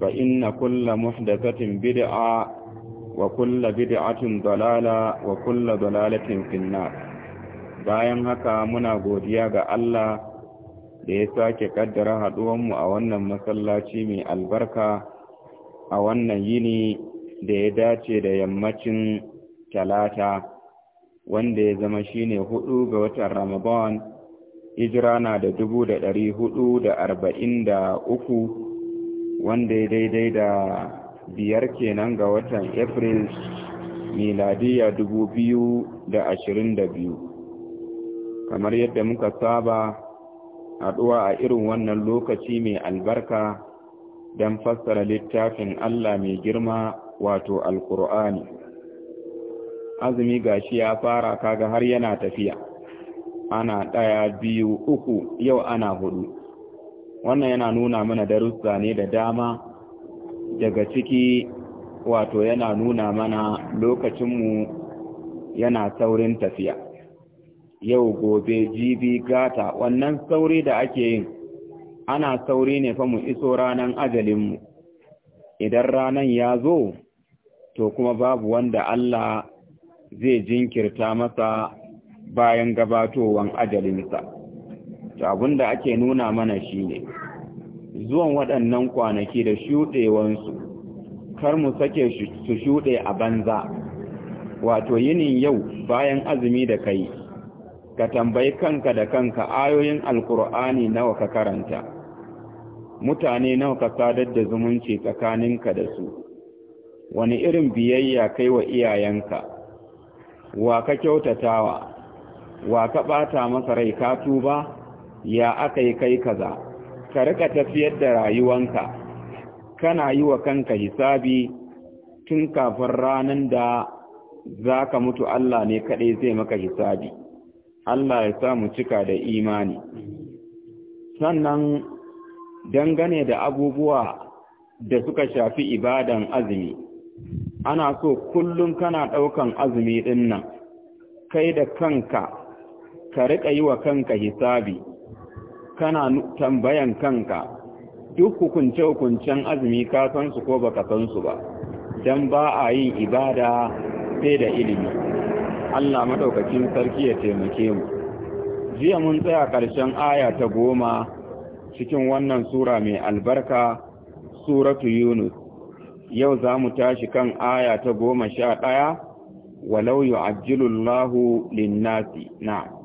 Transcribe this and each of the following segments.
فإن كل محدثة بدعة وكل بدعة ضلالة وكل ضلالة في النار bayan haka muna godiya ga Allah da ya sake kaddara haduwanmu a wannan masallaci mai albarka a wannan yini da ya dace da yammacin talata wanda ya zama shine hudu ga watan Ramadan hijira na da dubu da ɗari hudu da arba'in da uku wanda ya daidai da biyar kenan ga watan april miladiya biyu. da da ashirin biyu. kamar yadda muka saba haɗuwa a irin wannan lokaci mai albarka don fassara littafin Allah mai girma wato alkur'ani azumi gashi ya fara kaga har yana tafiya ana ɗaya biyu uku yau ana hudu wannan yana nuna mana darussa ne da dama daga ciki wato yana nuna mana lokacinmu yana saurin tafiya yau gobe jibi gata wannan sauri da ake yin ana sauri ne fa mu iso ranan ajalinmu idan ranan ya zo to kuma babu wanda Allah zai jinkirta masa bayan gabatowan ajalinsa. to da ake nuna mana shi ne. zuwan waɗannan kwanaki da shuɗewansu kar mu sake su shuɗe a banza wato yinin yau bayan azumi da kai ka tambayi kanka da kanka ayoyin alkur'ani nawa ka karanta mutane nawa ka sadar da zumunci tsakaninka da su wani irin biyayya kai wa iyayenka wa ka kyautatawa wa ka ɓata masa rai ka tuba ya aka yi kai kaza ka rika tafiyar da rayuwanka kana yi wa kanka hisabi tun kafin ranar da za ka mutu Allah ne kaɗai zai maka hisabi Allah ya samu cika da imani sannan dangane da abubuwa da suka shafi ibadan azumi ana so kullum kana ɗaukan azumi ɗin nan kai da kanka ka rika yi wa kanka hisabi kana tambayan kanka duk hukunce-hukuncen azumi ka san su ko baka san su ba don ba a yin ibada sai da ilimi Allah madaukakin sarki ya taimake mu jiya mun tsaya ƙarshen aya ta goma cikin wannan sura mai albarka suratu yunus yau za mu tashi kan aya ta goma sha ɗaya walau yu'ajjilullahu lin-nasi na'am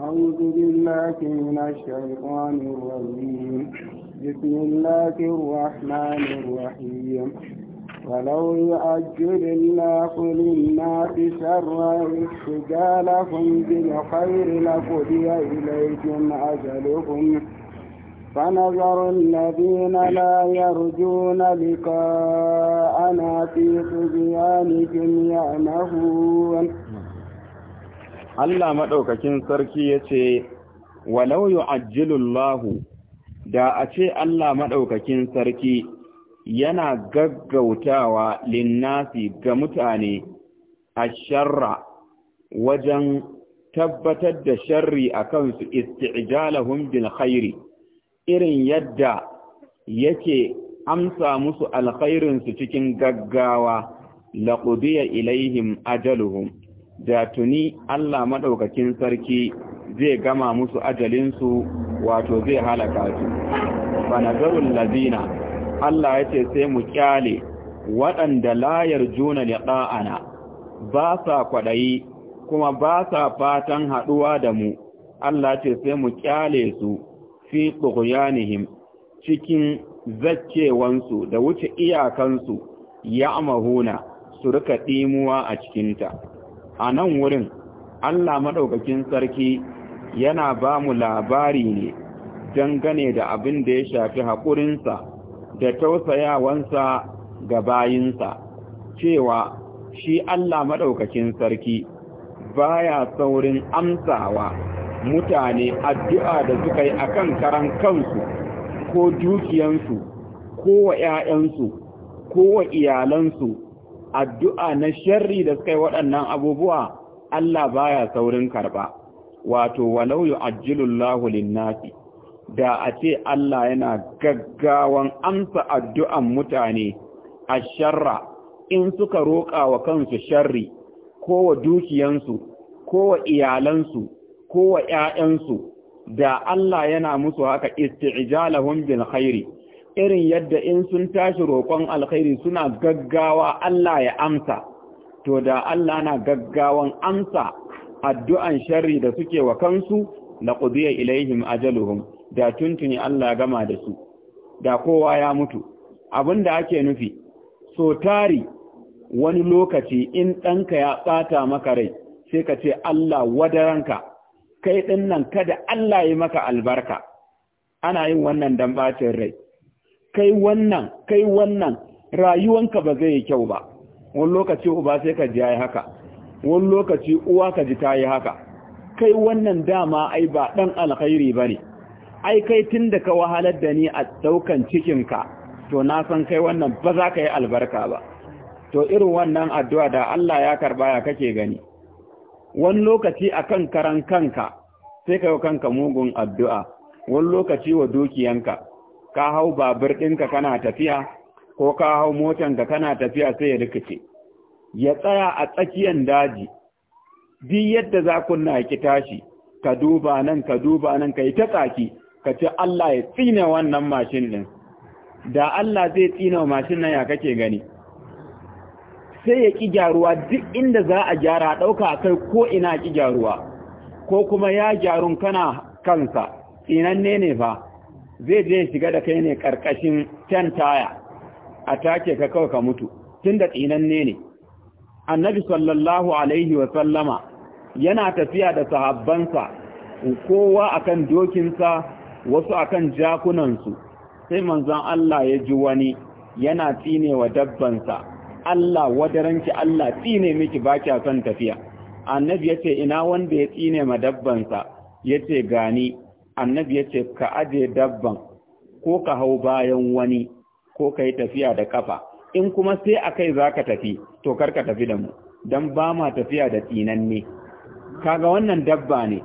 أعوذ بالله من الشيطان الرجيم بسم الله الرحمن الرحيم ولو يؤجل الله للناس شرا استجالهم بالخير لقضي إليهم أجلهم فنظر الذين لا يرجون لقاءنا في صبيانهم يعمهون Allah maɗaukakin sarki ya ce, Walau yu'ajjilullahu da a ce Allah maɗaukakin sarki yana gaggautawa linnasi ga mutane a sharra wajen tabbatar da sharri a kansu isti'jalahum bil khairi irin yadda yake amsa musu alkhairinsu cikin gaggawa laqudiya ilaihim ajaluhum da tuni Allah maɗaukakin sarki zai gama musu ajalinsu wato zai halaka su fanazarul lazina Allah yace sai mu kyale waɗanda layar juna liqa'ana ba sa kwaɗayi kuma ba sa fatan haɗuwa da mu Allah yace sai mu kyale su fi tughyanihim cikin su da wuce iyakansu ya amahuna su rika ɗimuwa a cikinta a nan wurin Allah maɗaukakin sarki yana ba mu labari ne dangane da abin da ya shafi haƙurinsa da tausayawansa ga bayinsa cewa shi Allah maɗaukakin sarki baya saurin amsawa mutane addu'a da suka yi a kan karan kansu ko dukiyansu ko wa ‘ya'yansu ko wa iyalansu addu'a na sharri da suka yi waɗannan abubuwa Allah baya saurin karɓa wato walau ajilun lahulin nasi da a ce Allah yana gaggawan amsa addu'an mutane a sharra in suka roƙa wa kansu sharri ko wa dukiyansu ko wa iyalansu ko wa ‘ya'yansu da Allah yana musu haka isti'ijalahun bin khairi irin yadda in sun tashi roƙon alkhairi suna gaggawa Allah ya amsa to da Allah na gaggawan amsa addu'an sharri da suke wa kansu la qudiya ilaihim ajaluhum da tuntuni Allah gama da su da kowa ya mutu abinda ake nufi so tari wani lokaci in ɗanka ya ɓata maka rai sai ka ce Allah wadaranka kai ɗin kada Allah yi maka albarka ana yin wannan dan ɓacin rai kai wannan kai wannan rayuwanka ba zai yi kyau ba wani lokaci uba sai ka ji yayi haka wani lokaci uwa ka ji tayi haka kai wannan dama ai ba dan alkhairi bane ai kai tunda ka wahalar da ni a daukan ka to na san kai wannan ba za ka yi albarka ba to irin wannan addu'a da Allah ya karba ya kake gani wani lokaci akan karan kanka sai kai yi kanka mugun addu'a wani lokaci wa dukiyanka ka hau babur ɗinka kana tafiya ko ka hau motanka kana tafiya sai ya rikice ya tsaya a tsakiyar daji duk yadda za kunna ki tashi ka duba nan ka duba nan ka yi ta tsaki ka ce Allah ya tsine wannan mashin ɗin da Allah zai tsine wa mashin nan ya kake gani sai ya ƙi gyaruwa duk inda za a gyara ɗauka a kai ko ina ƙi gyaruwa ko kuma ya gyarun kana kansa tsinanne ne fa zai je shiga da kai ne karkashin ten taya a take ka kawai ka mutu tun da tsinanne ne annabi sallallahu alaihi wa sallama yana tafiya da sahabbansa kowa akan dokinsa wasu akan jakunansu sai manzon Allah ya ji wani yana tsine wa dabbansa Allah wadaranki Allah tsine miki baki son tafiya annabi yace ina wanda ya tsine ma dabbansa yace gani annabi ya ce ka aje dabban ko ka hau bayan wani ko ka yi tafiya da kafa in kuma sai a kai za ka tafi to kar tafi da mu don ba ma tafiya da tsinanne kaga wannan dabba ne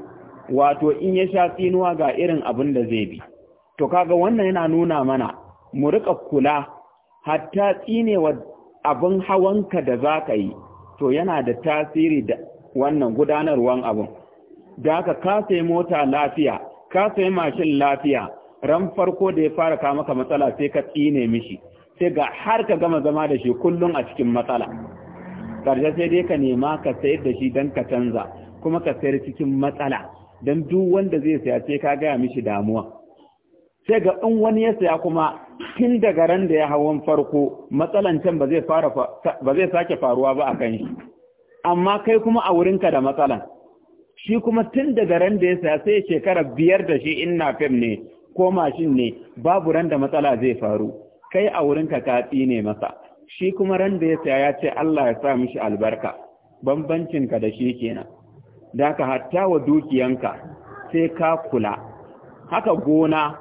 wato in ya sha tsinuwa ga irin abin da zai bi to kaga wannan yana nuna mana mu rika kula hatta tsinewa abin hawanka da za ka yi to yana da tasiri da wannan gudanarwan abin da ka kasa mota lafiya ka sayi mashin lafiya ran farko da ya fara kawo maka matsala sai ka tsine mishi sai ga har ka gama zama da shi kullum a cikin matsala ƙarshe sai dai ka nema ka sayar da shi don ka canza kuma ka sayar cikin matsala don duk wanda zai saya sai ka gaya mishi damuwa sai ga in wani ya saya kuma tun daga ran da ya hawan farko matsalan can ba zai ba zai sake faruwa ba a kan shi amma kai kuma a wurinka da matsalan shi kuma tun daga ran da ya saya sai shekara biyar da shi in fem ne ko mashin ne babu ran da matsala zai faru kai a wurin ka katsi ne masa shi kuma ran da ya saya ya ce Allah ya sa mishi albarka bambancin ka da shi kenan da ka hatta wa dukiyanka sai ka kula haka gona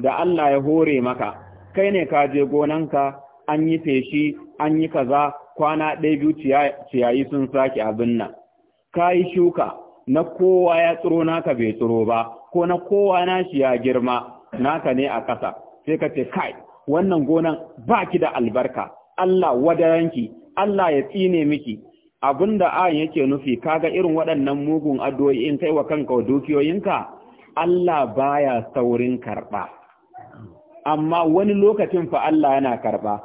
da Allah ya hore maka kai ne ka je gonanka an yi feshi an yi kaza kwana ɗaya biyu ciyayi sun sake abin nan ka yi shuka na kowa ya tsiro naka bai tsiro ba ko na kowa nashi ya girma naka ne a ƙasa sai ka ce kai wannan gonan baki da albarka Allah wadaranki Allah ya tsine miki abinda a yake nufi kaga irin waɗannan mugun addu'o'i in kai wa kanka wa dukiyoyinka Allah baya saurin karɓa amma wani lokacin fa Allah yana karɓa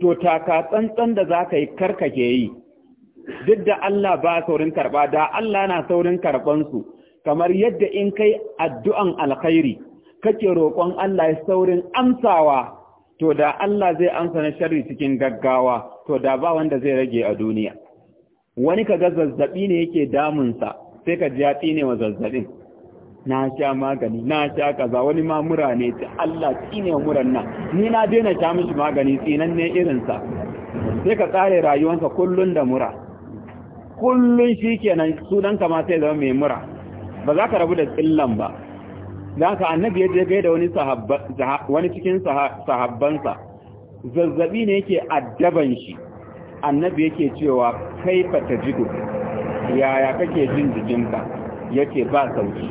to taka tsantsan da zaka yi karkake yi duk da Allah ba saurin karɓa da Allah na saurin karɓansu kamar yadda in kai addu'an alkhairi kake roƙon Allah ya saurin amsawa to da Allah zai amsa na sharri cikin gaggawa to da ba wanda zai rage a duniya wani kaga zazzaɓi ne yake damunsa sai ka ji ya tsine wa zazzaɓin. na sha magani na sha kaza wani ma mura ne ta Allah tsine wa muran nan ni na daina sha mishi magani tsinan ne irinsa sai ka tsare rayuwansa kullum da mura Kullum shi kenan sunanka ma sai zama mai mura ba za ka rabu da tsillan ba Za ka annabi ya je gaida wani wani cikin sahabbansa zazzabi ne yake addaban shi annabi yake cewa Kai kaifa tajidu yaya kake jin jikinka yake ba sauki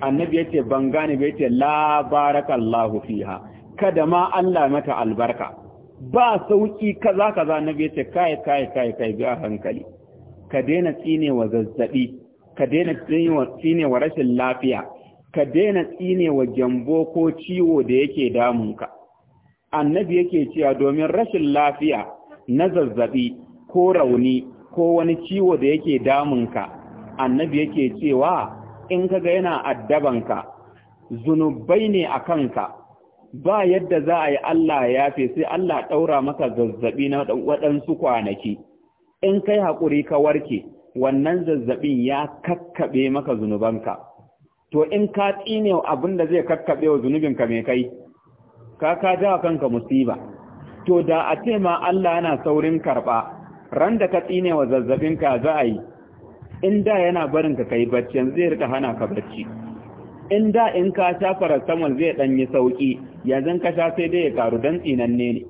annabi yace ban gane ba yake la barakallahu fiha kada ma Allah mata albarka ba sauki kaza kaza annabi yake kai kai kai kai ga hankali ka daina tsine wa zazzabi ka daina tsine wa rashin lafiya ka daina tsine wa gyambo ko ciwo da yake damunka annabi yake cewa domin rashin lafiya na zazzaɓi ko rauni ko wani ciwo da yake ka. annabi yake cewa in kaga yana addabanka zunubai ne a kanka ba yadda za a yi Allah ya fi sai Allah ɗaura maka zazzabi na waɗansu kwanaki in kai haƙuri ka warke wannan zazzabin ya kakkaɓe maka zunubanka to in ka tsine abin da zai kakkaɓe wa zunubinka mai kai ka ka jawa kanka musiba to da a ce ma Allah yana saurin karɓa ran da ka tsine wa zazzabinka za a yi in da yana barin ka kai bacci yanzu zai rika hana ka bacci in da in ka sha paracetamol zai ɗanyi sauƙi yanzu ka sha sai dai ya karu dan tsinanne ne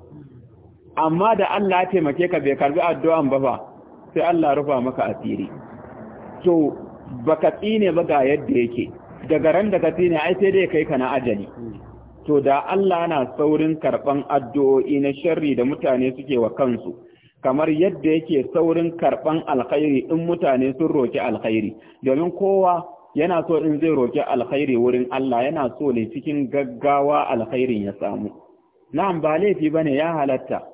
amma da Allah ya taimake ka bai karbi addu'an ba fa sai Allah rufa maka asiri to baka tsine ba ga yadda yake daga ran da ka tsine ai sai dai kai ka na ajali to da Allah na saurin karban addu'o'i na sharri da mutane suke wa kansu kamar yadda yake saurin karban alkhairi in mutane sun roki alkhairi domin kowa yana so in zai roki alkhairi wurin Allah yana so ne cikin gaggawa alkhairin ya samu na'am ba laifi bane ya halatta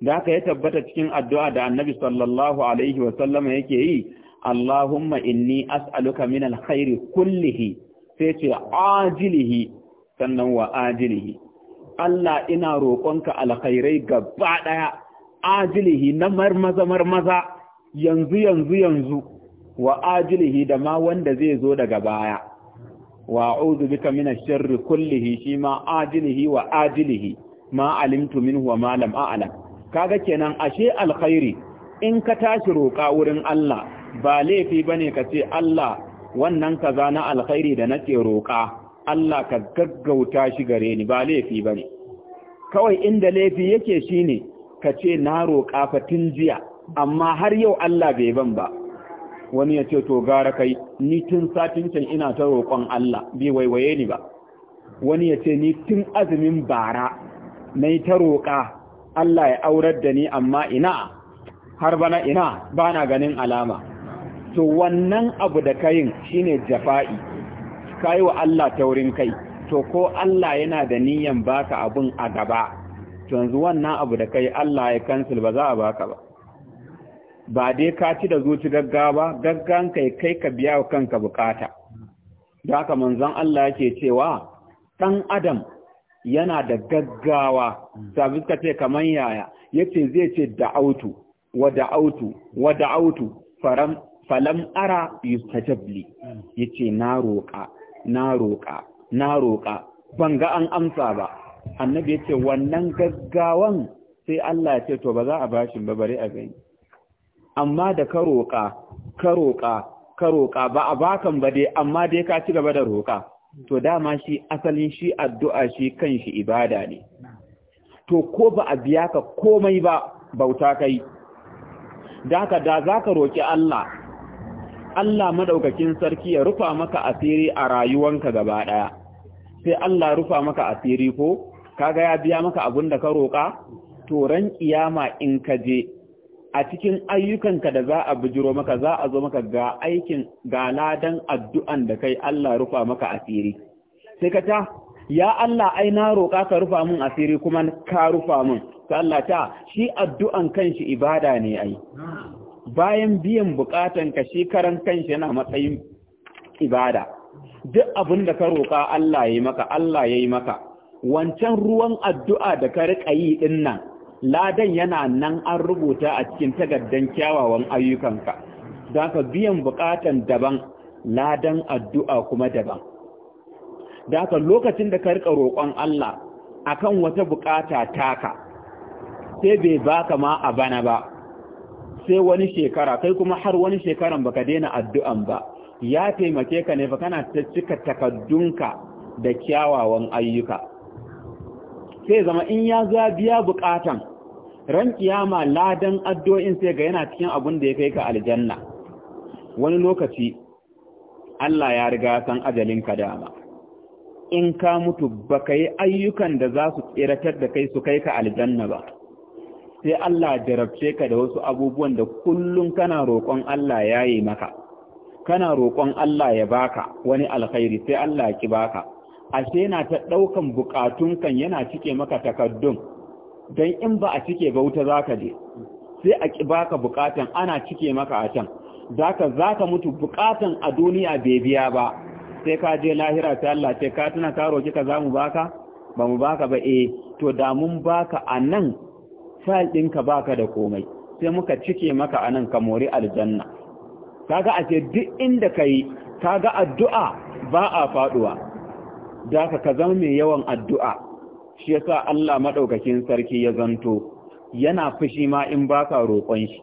da aka ya tabbata cikin addu'a da annabi sallallahu alaihi wasallama yake yi, Allahumma inni as'aluka min alkhairi kullihi, sai ce ajilihi sannan wa ajilihi. Allah ina roƙonka alkhairai gaba ɗaya, ajilihi na marmaza marmaza yanzu yanzu yanzu, wa ajilihi da ma wanda zai zo daga baya. Wa bika min sharri kullihi shi ma ajilihi wa ajilihi ma alimtu min wa malam a'alam. kaga kenan ashe alkhairi in ka tashi roƙa wurin Allah ba laifi bane ka ce Allah wannan kaza na alkhairi da nake roƙa Allah ka gaggauta shi gare ni ba laifi bane kawai inda laifi yake shine ka ce na roƙa fa tun jiya amma har yau Allah bai ban ba wani ya ce to gara kai ni tun satin can ina ta roƙon Allah bai waiwaye ni ba wani ya ce ni tun azumin bara na ta roƙa Allah ya aurar da ni amma ina har bana ina bana ganin alama to wannan abu da kayin shine jafa'i kai wa Allah taurin kai to ko Allah yana da niyan baka abun a gaba to yanzu wannan abu da kai Allah ya cancel ba za a baka ba ba dai ka ci da zuci gaggawa gaggan kai kai ka biya wa kanka bukata da haka manzon Allah yake cewa dan adam yana da gaggawa mm. sabi suka ce kamar yaya yace zai ce da'autu wa da'autu wa da'autu faram falam ara yustajabli mm. yace na roƙa na roƙa na roƙa ban ga an amsa ba annabi yace wannan gaggawan sai Allah ya ce to ba za a bashi ba bare a gani amma da ka roƙa ka roƙa ka roƙa ba a bakan ba dai amma dai ka ci gaba da roƙa to dama shi asalin shi addu'a shi kanshi ibada ne to ko ba a biya ka komai ba bauta kai da haka da za ka roƙi Allah Allah madaukakin sarki ya rufa maka asiri a rayuwanka gaba ɗaya sai Allah rufa maka asiri ko kaga ya biya maka abin da ka roƙa to ran kiyama in ka je a cikin ayyukanka da za a bijiro maka za a zo maka ga aikin ga ladan addu'an da kai Allah rufa maka asiri sai ka ta ya Allah ai na roƙa ka rufa mun asiri kuma ka rufa mun ta Allah ta shi addu'an kanshi ibada ne ai bayan biyan bukatan ka shi karan kanshi yana matsayin ibada duk abin da ka roƙa Allah ya yi maka Allah ya yi maka wancan ruwan addu'a da ka riƙa yi ɗin nan ladan yana nan an rubuta a cikin tagaddan kyawawan ayyukanka don ka biyan bukatan daban ladan addu'a kuma daban da ka lokacin da ka rika roƙon Allah akan wata bukata taka sai bai baka ma a bana ba sai wani shekara kai kuma har wani shekaran baka daina addu'an ba ya taimake ka ne fa kana ta cika takaddunka da kyawawan ayyuka sai zama in ya za biya bukatan ran kiyama ladan addu'o'in sai ga yana cikin abin da ya kai ka aljanna wani lokaci Allah ya riga san ajalin ka dama in ka mutu baka yi ayyukan da za su tseratar da kai su kai ka aljanna ba sai Allah jarabce ka da wasu abubuwan da kullum kana roƙon Allah ya yi maka kana roƙon Allah ya baka wani alkhairi sai Allah ya ki baka ashe yana ta ɗaukan bukatun kan yana cike maka takardun don in ba a cike ba wuta za je sai a ki baka bukatan ana cike maka a can zaka zaka mutu bukatan a duniya bai biya ba sai ka je lahira ta Allah ce ka tuna ka roki ka za baka ba mu baka ba eh to da mun baka a nan fayil ɗinka baka da komai sai muka cike maka a nan ka mori aljanna kaga a ce duk inda ka yi kaga addu'a ba a faduwa. Daka ka zama mai yawan addu'a shi yasa Allah maɗaukakin sarki ya zanto yana fushi ma in ba ka roƙon shi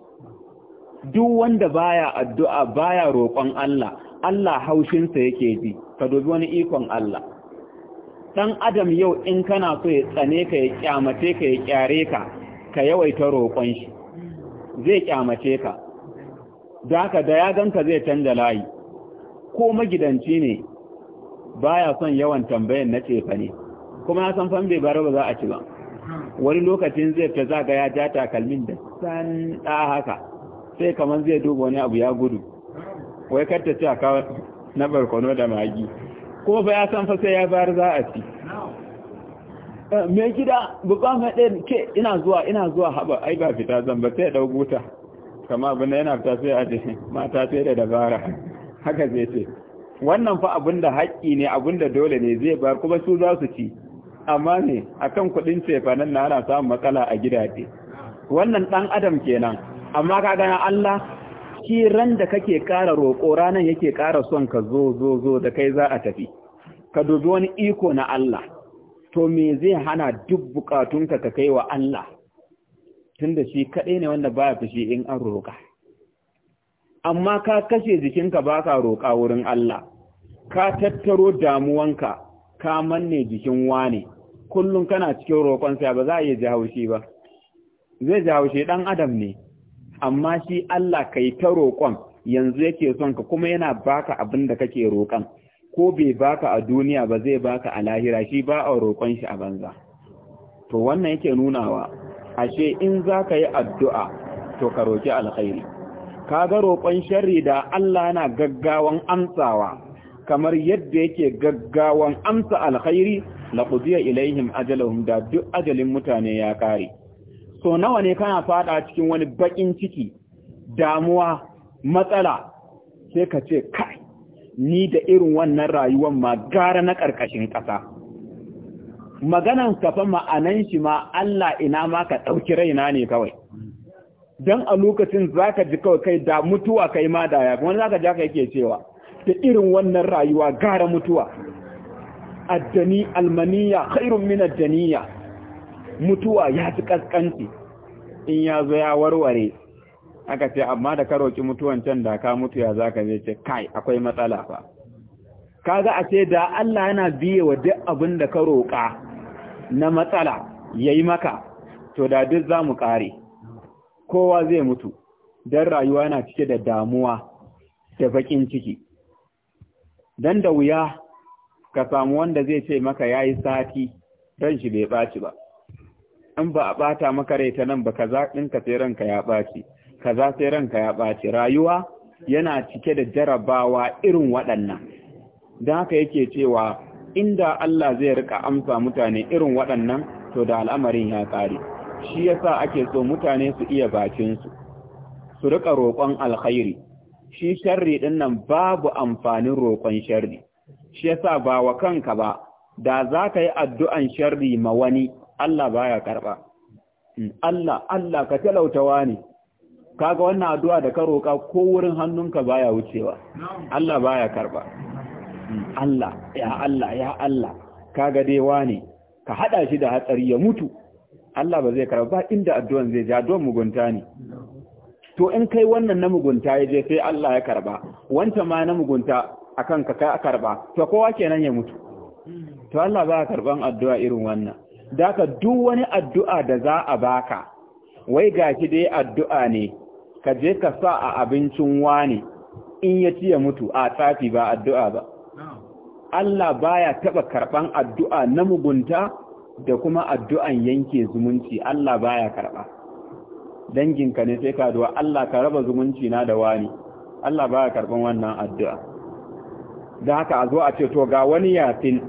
duk wanda baya addu'a baya roƙon Allah Allah haushinsa yake ji ka dobi wani ikon Allah ɗan adam yau in kana so ya tsane ka ya kyamace ka ya kyare ka ka yawaita roƙon shi zai kyamace ka da haka da ya ganka zai canza layi ko magidanci ne baya son yawan tambayan na cefa ne kuma ya san fambe bare ba za a ci ba wani lokacin zai ta zaga ya ja takalmin da san da haka sai kamar zai duba wani abu ya gudu wai kar ta ci aka na barkono da magi ko ba ya san fa sai ya bar za a ci eh, mai gida bukwan haɗe ke ina zuwa ina zuwa haɓa ai ba fita zan ba sai ɗau guta kama abin yana fita sai a mata sai da dabara haka zai ce wannan fa abin da haƙƙi ne abin da dole ne zai bar kuma su za su ci amma ne akan kuɗin cefanen na ana samun matsala a gidaje wannan ɗan adam kenan amma ka gana Allah shi ran da kake ƙara roƙo ranar yake ƙara son ka zo zo zo da kai za a tafi ka dubi wani iko na Allah to me zai hana duk bukatunka ka kai wa Allah tunda shi kaɗai ne wanda baya fushi in an roƙa amma ka kashe jikinka ba ka roƙa wurin Allah ka tattaro damuwanka ka manne jikin wane kullum kana cikin roƙonsa ba za a iya ji haushi ba zai ji haushi ɗan adam ne amma shi Allah ka yi ta roƙon yanzu yake son ka kuma yana baka abin da kake roƙon ko bai baka a duniya ba zai baka a lahira shi ba a roƙon shi a banza to wannan yake nunawa ashe in za ka yi addu'a to ka roƙi alkhairi Ka ga roƙon sharri da Allah na gaggawan amsawa kamar yadda yake gaggawan amsa alkhairi la qudiya ilaihim ajaluhum da duk ajalin mutane ya kare so nawa ne kana fada cikin wani bakin ciki damuwa matsala sai ka ce kai ni da irin wannan rayuwar ma gara na karkashin kasa maganan kafa ma'anan shi ma Allah ina ma ka dauki raina ne kawai dan a lokacin zaka ji kawai kai da mutuwa kai ma da ya wani zaka ji haka yake cewa da irin wannan rayuwa gara mutuwa addani almaniya khairun min addaniya mutuwa ya fi kaskanci in ya zo ya warware aka ce amma da ka roki mutuwan can da ka mutu ya zaka je ce kai akwai matsala fa kaga a ce da Allah yana biye wa duk abin da ka roka na matsala yayi maka to da duk zamu kare kowa zai mutu don rayuwa yana cike da damuwa da baƙin ciki don da wuya ka samu wanda zai ce maka ya yi sati ran shi bai ɓaci ba in ba a ɓata maka rai ta nan ba kaza ka sai ranka ya ɓaci kaza sai ranka ya ɓaci rayuwa yana cike da jarabawa irin waɗannan don haka yake cewa inda Allah zai rika amsa mutane irin waɗannan to da al'amarin ya ƙare shi yasa ake so mutane su iya bakinsu su rika roƙon alkhairi shi sharri din babu amfanin roƙon sharri shi yasa ba wa kanka ba da za ka yi addu'an sharri ma wani Allah baya karɓa hmm, Allah Allah ka talautawa ne kaga wannan addu'a da ka roƙa ko wurin hannunka baya wucewa Allah baya karɓa hmm, Allah ya Allah ya Allah kaga dai wani ka haɗa shi da hatsari ya mutu Allah ba zai karba ba inda addu'an zai ja addu'an mugunta ne to in kai wannan na mugunta ya je sai Allah ya karba wanta ma na mugunta akan ka kai karba to kowa kenan ya mutu to Allah ba karban addu'a irin wannan daka duk wani addu'a da za a baka wai gashi dai addu'a ne ka je ka sa a abincin wani in ya ci ya mutu a tsafi ba addu'a ba Allah baya taba karban addu'a na mugunta da kuma addu'an yanke zumunci Allah baya karɓa. Danginka ne sai ka duwa Allah ka raba zumunci na da wani, Allah baya karɓan wannan addu'a. Da haka a zo a ce, to ga wani yasin,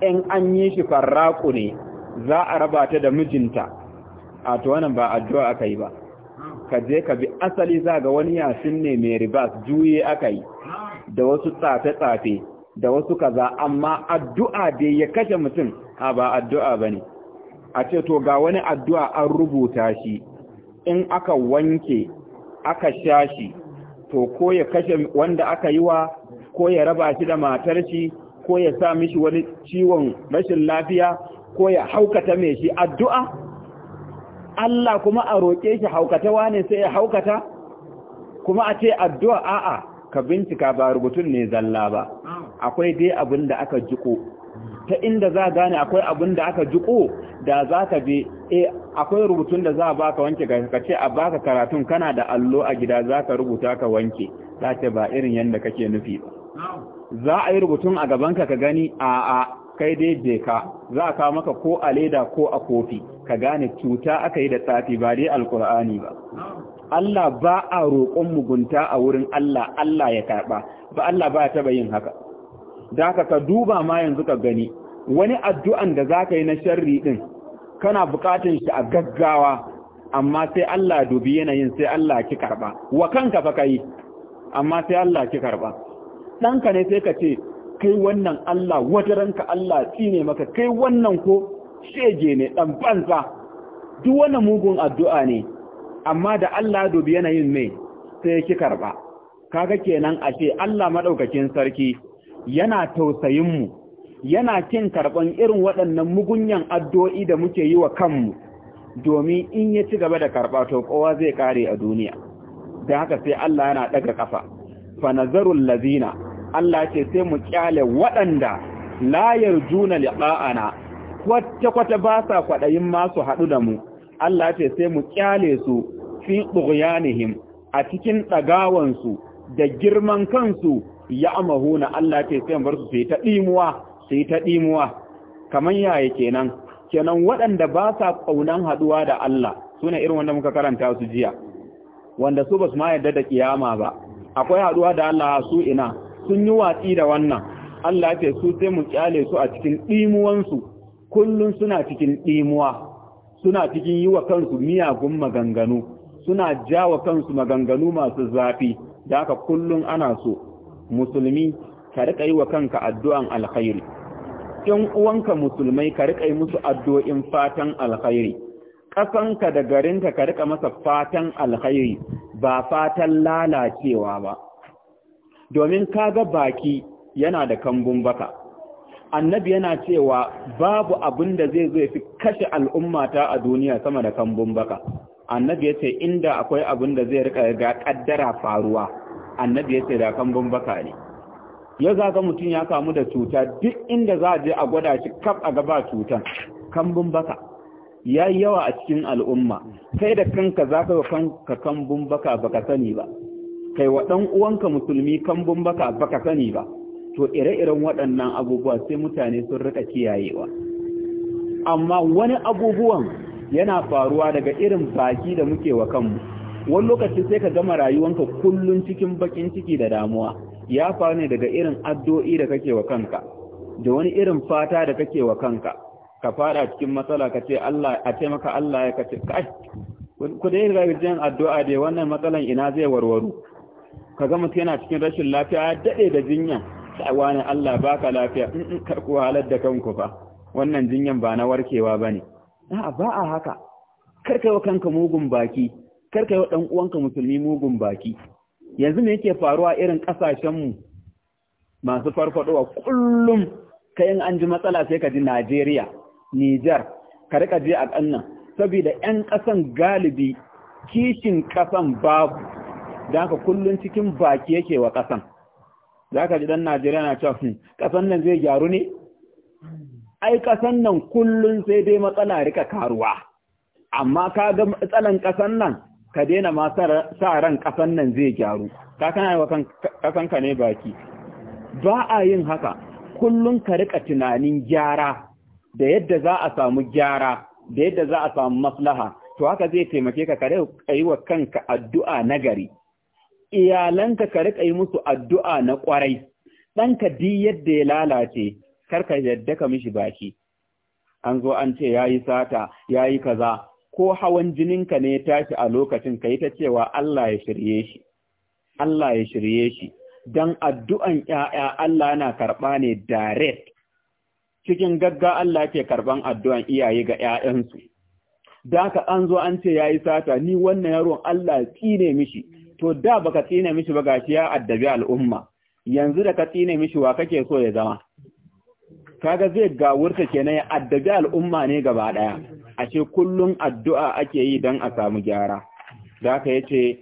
in an yi shi farraƙu ne, za a raba ta da mijinta, a to wannan ba addu'a aka yi ba. Ka je ka bi asali za ga wani yasin ne mai ribas juye aka yi, da wasu tsafe-tsafe. da wasu kaza amma addu'a da ya kashe mutum a ba addu'a ba ne a ce to ga wani addu'a an rubuta shi in aka wanke aka sha shi to ko ya kashe wanda aka yi wa ko ya raba shi da matar shi ko ya sa mishi wani ciwon rashin lafiya ko ya haukata mai shi addu'a Allah kuma a roƙe shi haukatawa ne sai ya haukata kuma a ce addu'a a'a ka bincika ba rubutun ne zalla ba akwai dai abin da aka jiko ta inda za gane akwai abin da aka jiko da za ka je e akwai rubutun da za a baka wanke ka ce a baka karatun kana da allo a gida za ka rubuta ka wanke za ta ba irin yadda kake nufi za a yi rubutun a gabanka ka gani a a kai dai je ka za a kawo maka ko a leda ko a kofi ka gane cuta aka yi da tsafi ba dai alkur'ani ba Allah ba a roƙon mugunta a wurin Allah Allah ya karɓa ba Allah ba ta taɓa yin haka da haka ka duba ma yanzu ka gani wani addu'an da za ka yi na sharri ɗin kana buƙatun shi a gaggawa amma sai Allah dubi yanayin sai Allah ki karɓa wa kanka fa kai amma sai Allah ki karɓa ɗanka ne sai ka ce kai wannan Allah wajaranka Allah tsine maka kai wannan ko shege ne ɗan banza duk wani mugun addu'a ne amma da Allah dubi yanayin mai sai ki karɓa kaga kenan ashe Allah maɗaukakin sarki yana tausayinmu yana kin karɓan irin waɗannan mugunyan addu'o'i da muke yi wa kanmu domin in ya ci gaba da karɓa to kowa zai kare a duniya da haka sai Allah yana ɗaga ƙafa fa nazarul lazina Allah ce sai mu ƙyale waɗanda la yarjuna liqa'ana kwata kwata ba sa kwaɗayin masu haɗu da mu Allah ce sai mu ƙyale su fi ɗugyanihim a cikin ɗagawansu da girman kansu Ya na Allah ce sai bar su sai ta dimuwa sai ta dimuwa kaman yaya kenan kenan waɗanda ba sa kaunan haduwa da Allah suna irin wanda muka karanta su jiya wanda su basu ma yarda da kiyama ba akwai haɗuwa da Allah su ina sun yi watsi da wannan Allah ce su sai mu kyale su a cikin ɗimuwansu kullun suna cikin ɗimuwa suna cikin yi wa kansu miyagun maganganu suna jawa kansu maganganu masu zafi da haka kullun ana so musulmi ka riƙa yi wa kanka addu'an alkhairi in uwanka musulmai ka riƙa yi musu addu'o'in fatan alkhairi ƙasanka da garinka ka riƙa masa fatan alkhairi ba fatan lalacewa ba domin kaga baki yana da kambun baka annabi yana cewa babu abin da zai zo fi kashe al'ummata a duniya sama da kambun baka annabi ya ce inda akwai abin da zai riƙa ga ƙaddara faruwa annabi ya ce da kan bambaka ne Ya za mutum ya kamu da cuta duk inda za a je a gwada shi kaf a gaba cutan Kan bambaka ya yi yawa a cikin al'umma kai da kanka za ka kanka kambun ba baka sani ba kai wa ɗan uwanka musulmi kambun baka baka sani ba to ire-iren waɗannan abubuwa sai mutane sun rika kiyayewa amma wani abubuwan yana faruwa daga irin baki da muke wa kanmu wani lokaci sai ka gama rayuwanka kullun cikin bakin ciki da damuwa ya faru ne daga irin addu'o'i da kake wa kanka da wani irin fata da kake wa kanka ka fada cikin matsala ka ce Allah a ce maka Allah ya kace kai ku da yin ragajin addu'a da wannan matsalan ina zai warwaro ka gama yana cikin rashin lafiya daɗe da jinya wani Allah baka lafiya in karku halar da kanku fa wannan jinyan ba na warkewa bane a'a ba a haka wa kanka mugun baki Kar karka yi ɗan uwanka musulmi mugun baki yanzu ne yake faruwa irin ƙasashenmu masu farfadowa kullum yin an ji matsala sai ka ji Najeriya Niger ka rika je a ƙannan saboda 'yan ƙasan galibi kishin ƙasan babu da haka kullum cikin baki yake wa ƙasan za ka ji ɗan Najeriya na cewa hmm, ƙasan nan zai gyaru ne ai ƙasan nan kullum sai dai matsala rika karuwa amma ka ga matsalan ƙasan nan ka daina ma sa ran kasan nan zai gyaru ka kana wa kasanka ne baki ba a yin haka kullum ka rika tunanin gyara da yadda za a samu gyara da yadda za a samu maslaha to haka zai taimake ka ka rika yi wa kanka addu'a na gari iyalanka ka rika yi musu addu'a na kwarai ɗanka di yadda ya lalace kar ka yadda ka mishi baki an zo an ce yayi sata yayi kaza ko hawan jininka ne ya tashi a lokacin ka yi ta cewa Allah ya shirye shi, Allah ya shirye shi, Dan addu'an ‘ya'ya Allah na karɓa ne direct, cikin gagga Allah ke karɓan addu'an iyaye ga ‘ya'yansu. Da ka an zo an ce ya yi sata, ni wannan yaron Allah tsine mishi, to da baka tsine mishi ba gashi ya addabi al'umma, yanzu da ka tsine mishi wa kake so ya zama. Kaga zai wurta kenan ya addabi al'umma ne gaba ɗaya. ashe kullum addu'a ake yi don a samu gyara yi ce, yace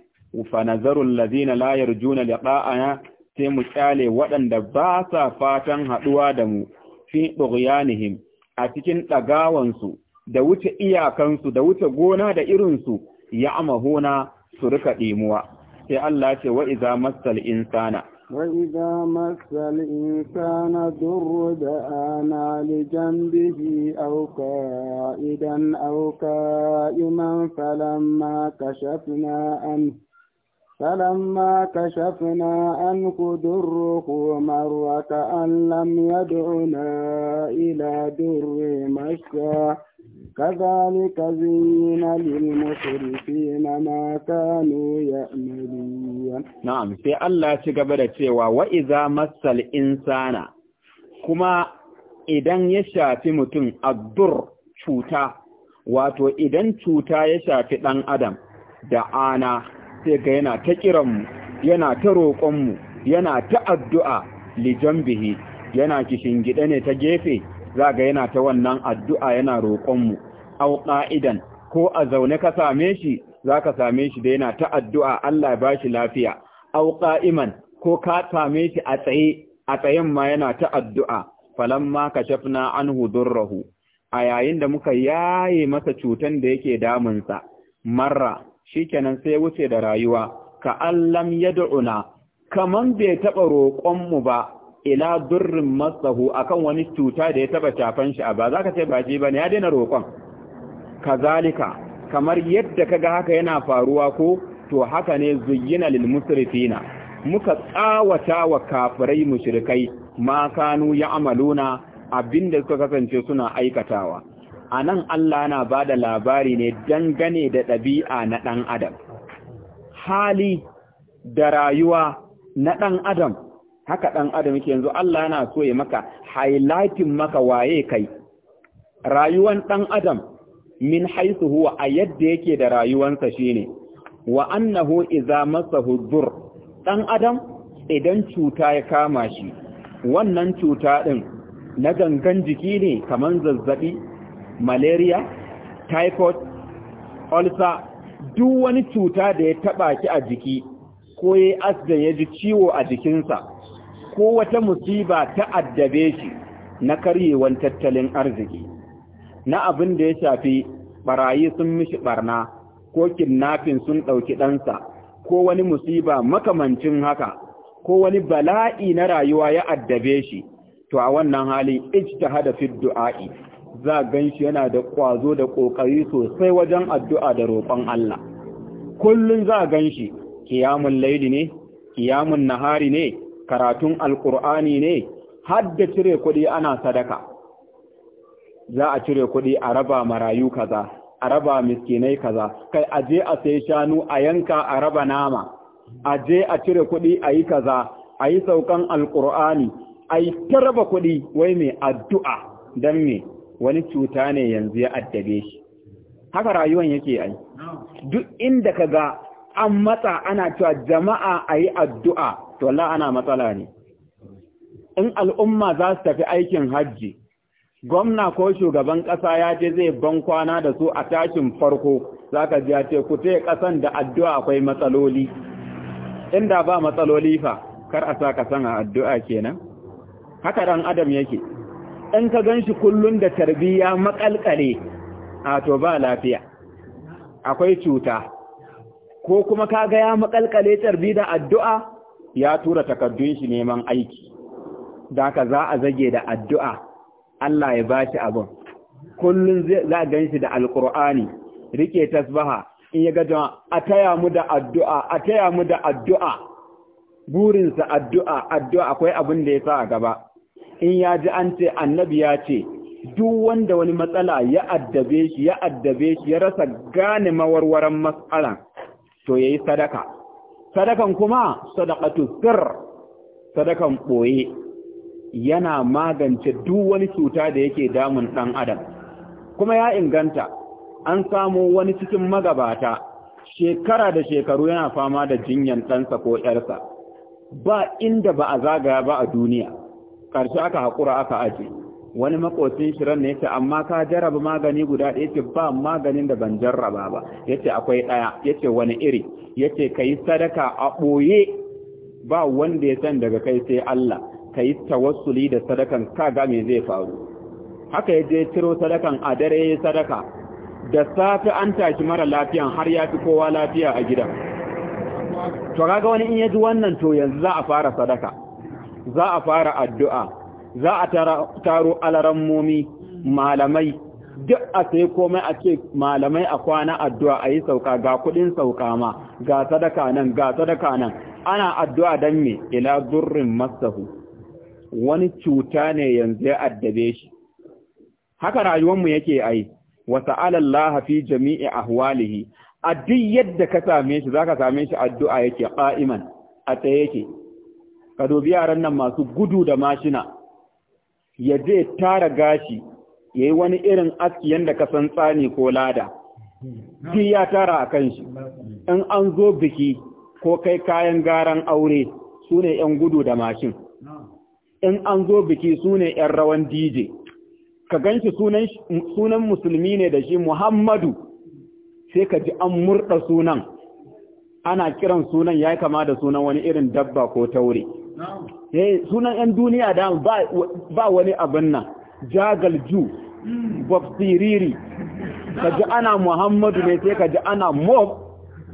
fa nazarul ladina la yarjuna liqa'ana sai mu kyale waɗanda ba sa fatan haɗuwa da mu fi ɗugyanihim a cikin ɗagawansu da wuce iyakansu da wuce gona da irinsu ya amahuna su rika ɗimuwa sai Allah ce Wa'iza iza masal insana وإذا مس الإنسان ضر دعانا لجنبه أو قائدا أو قائما فلما كشفنا عنه فلما كشفنا عنه ضره مر كأن لم يدعنا إلى ضر مشى كذلك زين للمسرفين ما كانوا يأملون نعم في الله تقبل تيوى وإذا مس الإنسان كما idan ya shafi mutum addur cuta wato idan cuta ya shafi ɗan adam da ana sai ga yana ta kiranmu yana ta roƙonmu yana ta addu'a lijan bihi yana kishin gida ne ta gefe za ga yana ta wannan addu'a yana roƙonmu au ƙa'idan ko a zaune ka same shi za ka same shi da yana ta addu'a Allah ba shi lafiya au ƙa'iman ko ka same shi a tsaye a tsayen ma yana ta addu'a ma ka shafna an rahu. a yayin da muka yaye masa cutan da yake damunsa marra kenan sai wuce da rayuwa ka ya da’una, Kamar bai taɓa roƙonmu ba ila durrin masahu akan wani cuta da ya taba shafan shi a ba za ka ce ba ji ba ne ya daina roƙon kazalika kamar yadda kaga haka yana faruwa ko to haka ne zuyina lil musrifina muka tsawata wa kafirai mushrikai ma kanu amaluna abinda suka kasance suna aikatawa anan Allah yana bada labari ne dangane da ɗabi'a na ɗan adam hali da rayuwa na ɗan adam haka ɗan adam yake yanzu Allah yana so ya maka highlighting maka waye kai rayuwan ɗan adam min haisu huwa a yadda yake da rayuwansa shine wa annahu idza masahu dhur ɗan adam idan cuta ya kama shi wannan cuta ɗin na gangan jiki ne kaman zazzabi malaria typhoid ulcer duk wani cuta da ya taba ki a jiki ko ya asdan ya ji ciwo a jikinsa ko wata musiba ta addabe shi na karyewan tattalin arziki na abin da ya shafi barayi sun mishi barna ko kinnafin sun ɗauki ɗansa ko wani musiba makamancin haka ko wani bala'i na rayuwa ya addabe shi to a wannan hali ijtihada fi du'a'i za gan shi yana da ƙwazo da ƙoƙari sosai wajen addu'a da roƙon Allah kullun za gan shi qiyamul layli ne na nahari ne karatun alkur'ani ne har da cire kuɗi ana sadaka za a cire kuɗi a raba marayu kaza a raba miskinai kaza kai aje a sai shanu a yanka a raba nama aje a cire kuɗi a yi kaza a yi saukan alkur'ani a yi ta raba kuɗi wai mai addu'a don me wani cuta ne yanzu ya addabe shi haka rayuwan yake ai duk inda ka ga an matsa ana cewa jama'a a yi addu'a to Allah ana matsala ne in al'umma za su tafi aikin hajji gwamna ko shugaban ƙasa ya ce zai ban kwana da su a tashin farko za ka ji ce ku te ƙasan da addu'a akwai matsaloli inda ba matsaloli fa kar a sa ka san addu'a kenan haka ɗan adam yake in ka gan shi kullum da tarbiyya maƙalƙale a to ba lafiya akwai cuta ko kuma ka ga ya maƙalƙale tarbi da addu'a ya tura takardun shi neman aiki da ka za a zage da addu'a Allah ya bashi abin kullun za a ganshi da alqur'ani rike tasbaha in ya ga a taya mu da addu'a a taya mu da addu'a burinsa addu'a addu'a akwai abin da ya sa a gaba in ya ji an ce annabi ya ce duk wanda wani matsala ya addabe shi ya addabe shi ya rasa gane mawarwaran matsalan to yayi sadaka sadakan kuma sadaqatu sir sadakan ɓoye, yana magance duk wani cuta da yake damun ɗan adam kuma ya inganta an samu wani cikin magabata shekara da shekaru yana fama da jinyan ɗansa ko ƴarsa ba inda ba a zagaya ba a duniya ƙarshe aka haƙura aka aje wani makocin shirin ne yace amma ka jarraba magani guda ɗaya ce ba maganin da ban jarraba ba yace akwai ɗaya yace wani iri yace kai sadaka a boye ba wanda ya san daga kai sai Allah kai tawassuli da sadakan kaga me zai faru haka yaje ciro sadakan a dare sadaka da safi an tashi mara lafiyan har ya fi kowa lafiya a gidan to kaga wani in yaji wannan to yanzu za a fara sadaka za a fara addu'a za a taro momi, malamai duk a sai komai a ce malamai a kwana addu'a ayi sauka ga kudin sauka ma ga sadaka nan ga sadaka nan ana addu'a dan me ila zurrin masahu wani cuta ne yanzu ya addabe shi haka mu yake ai wa sa'alallaha fi jami'i ahwalihi a duk yadda ka same shi zaka same shi addu'a yake qa'iman a tsaye yake ka dubi yaran nan masu gudu da mashina ya je tara gashi ya yi wani irin aski yadda ka san tsani ko lada shi ya tara a kan shi in an zo biki ko kai kayan garan aure su ne 'yan gudu da mashin in an zo biki su ne 'yan rawan dj ka gan shi sunan musulmi ne da shi muhammadu sai ka ji an murɗa sunan ana kiran sunan ya kama da sunan wani irin dabba ko taure eh, sunan 'yan duniya da ba wani abin nan jagal ju babsiriri ka ji ana muhammadu ne sai ka ji ana mob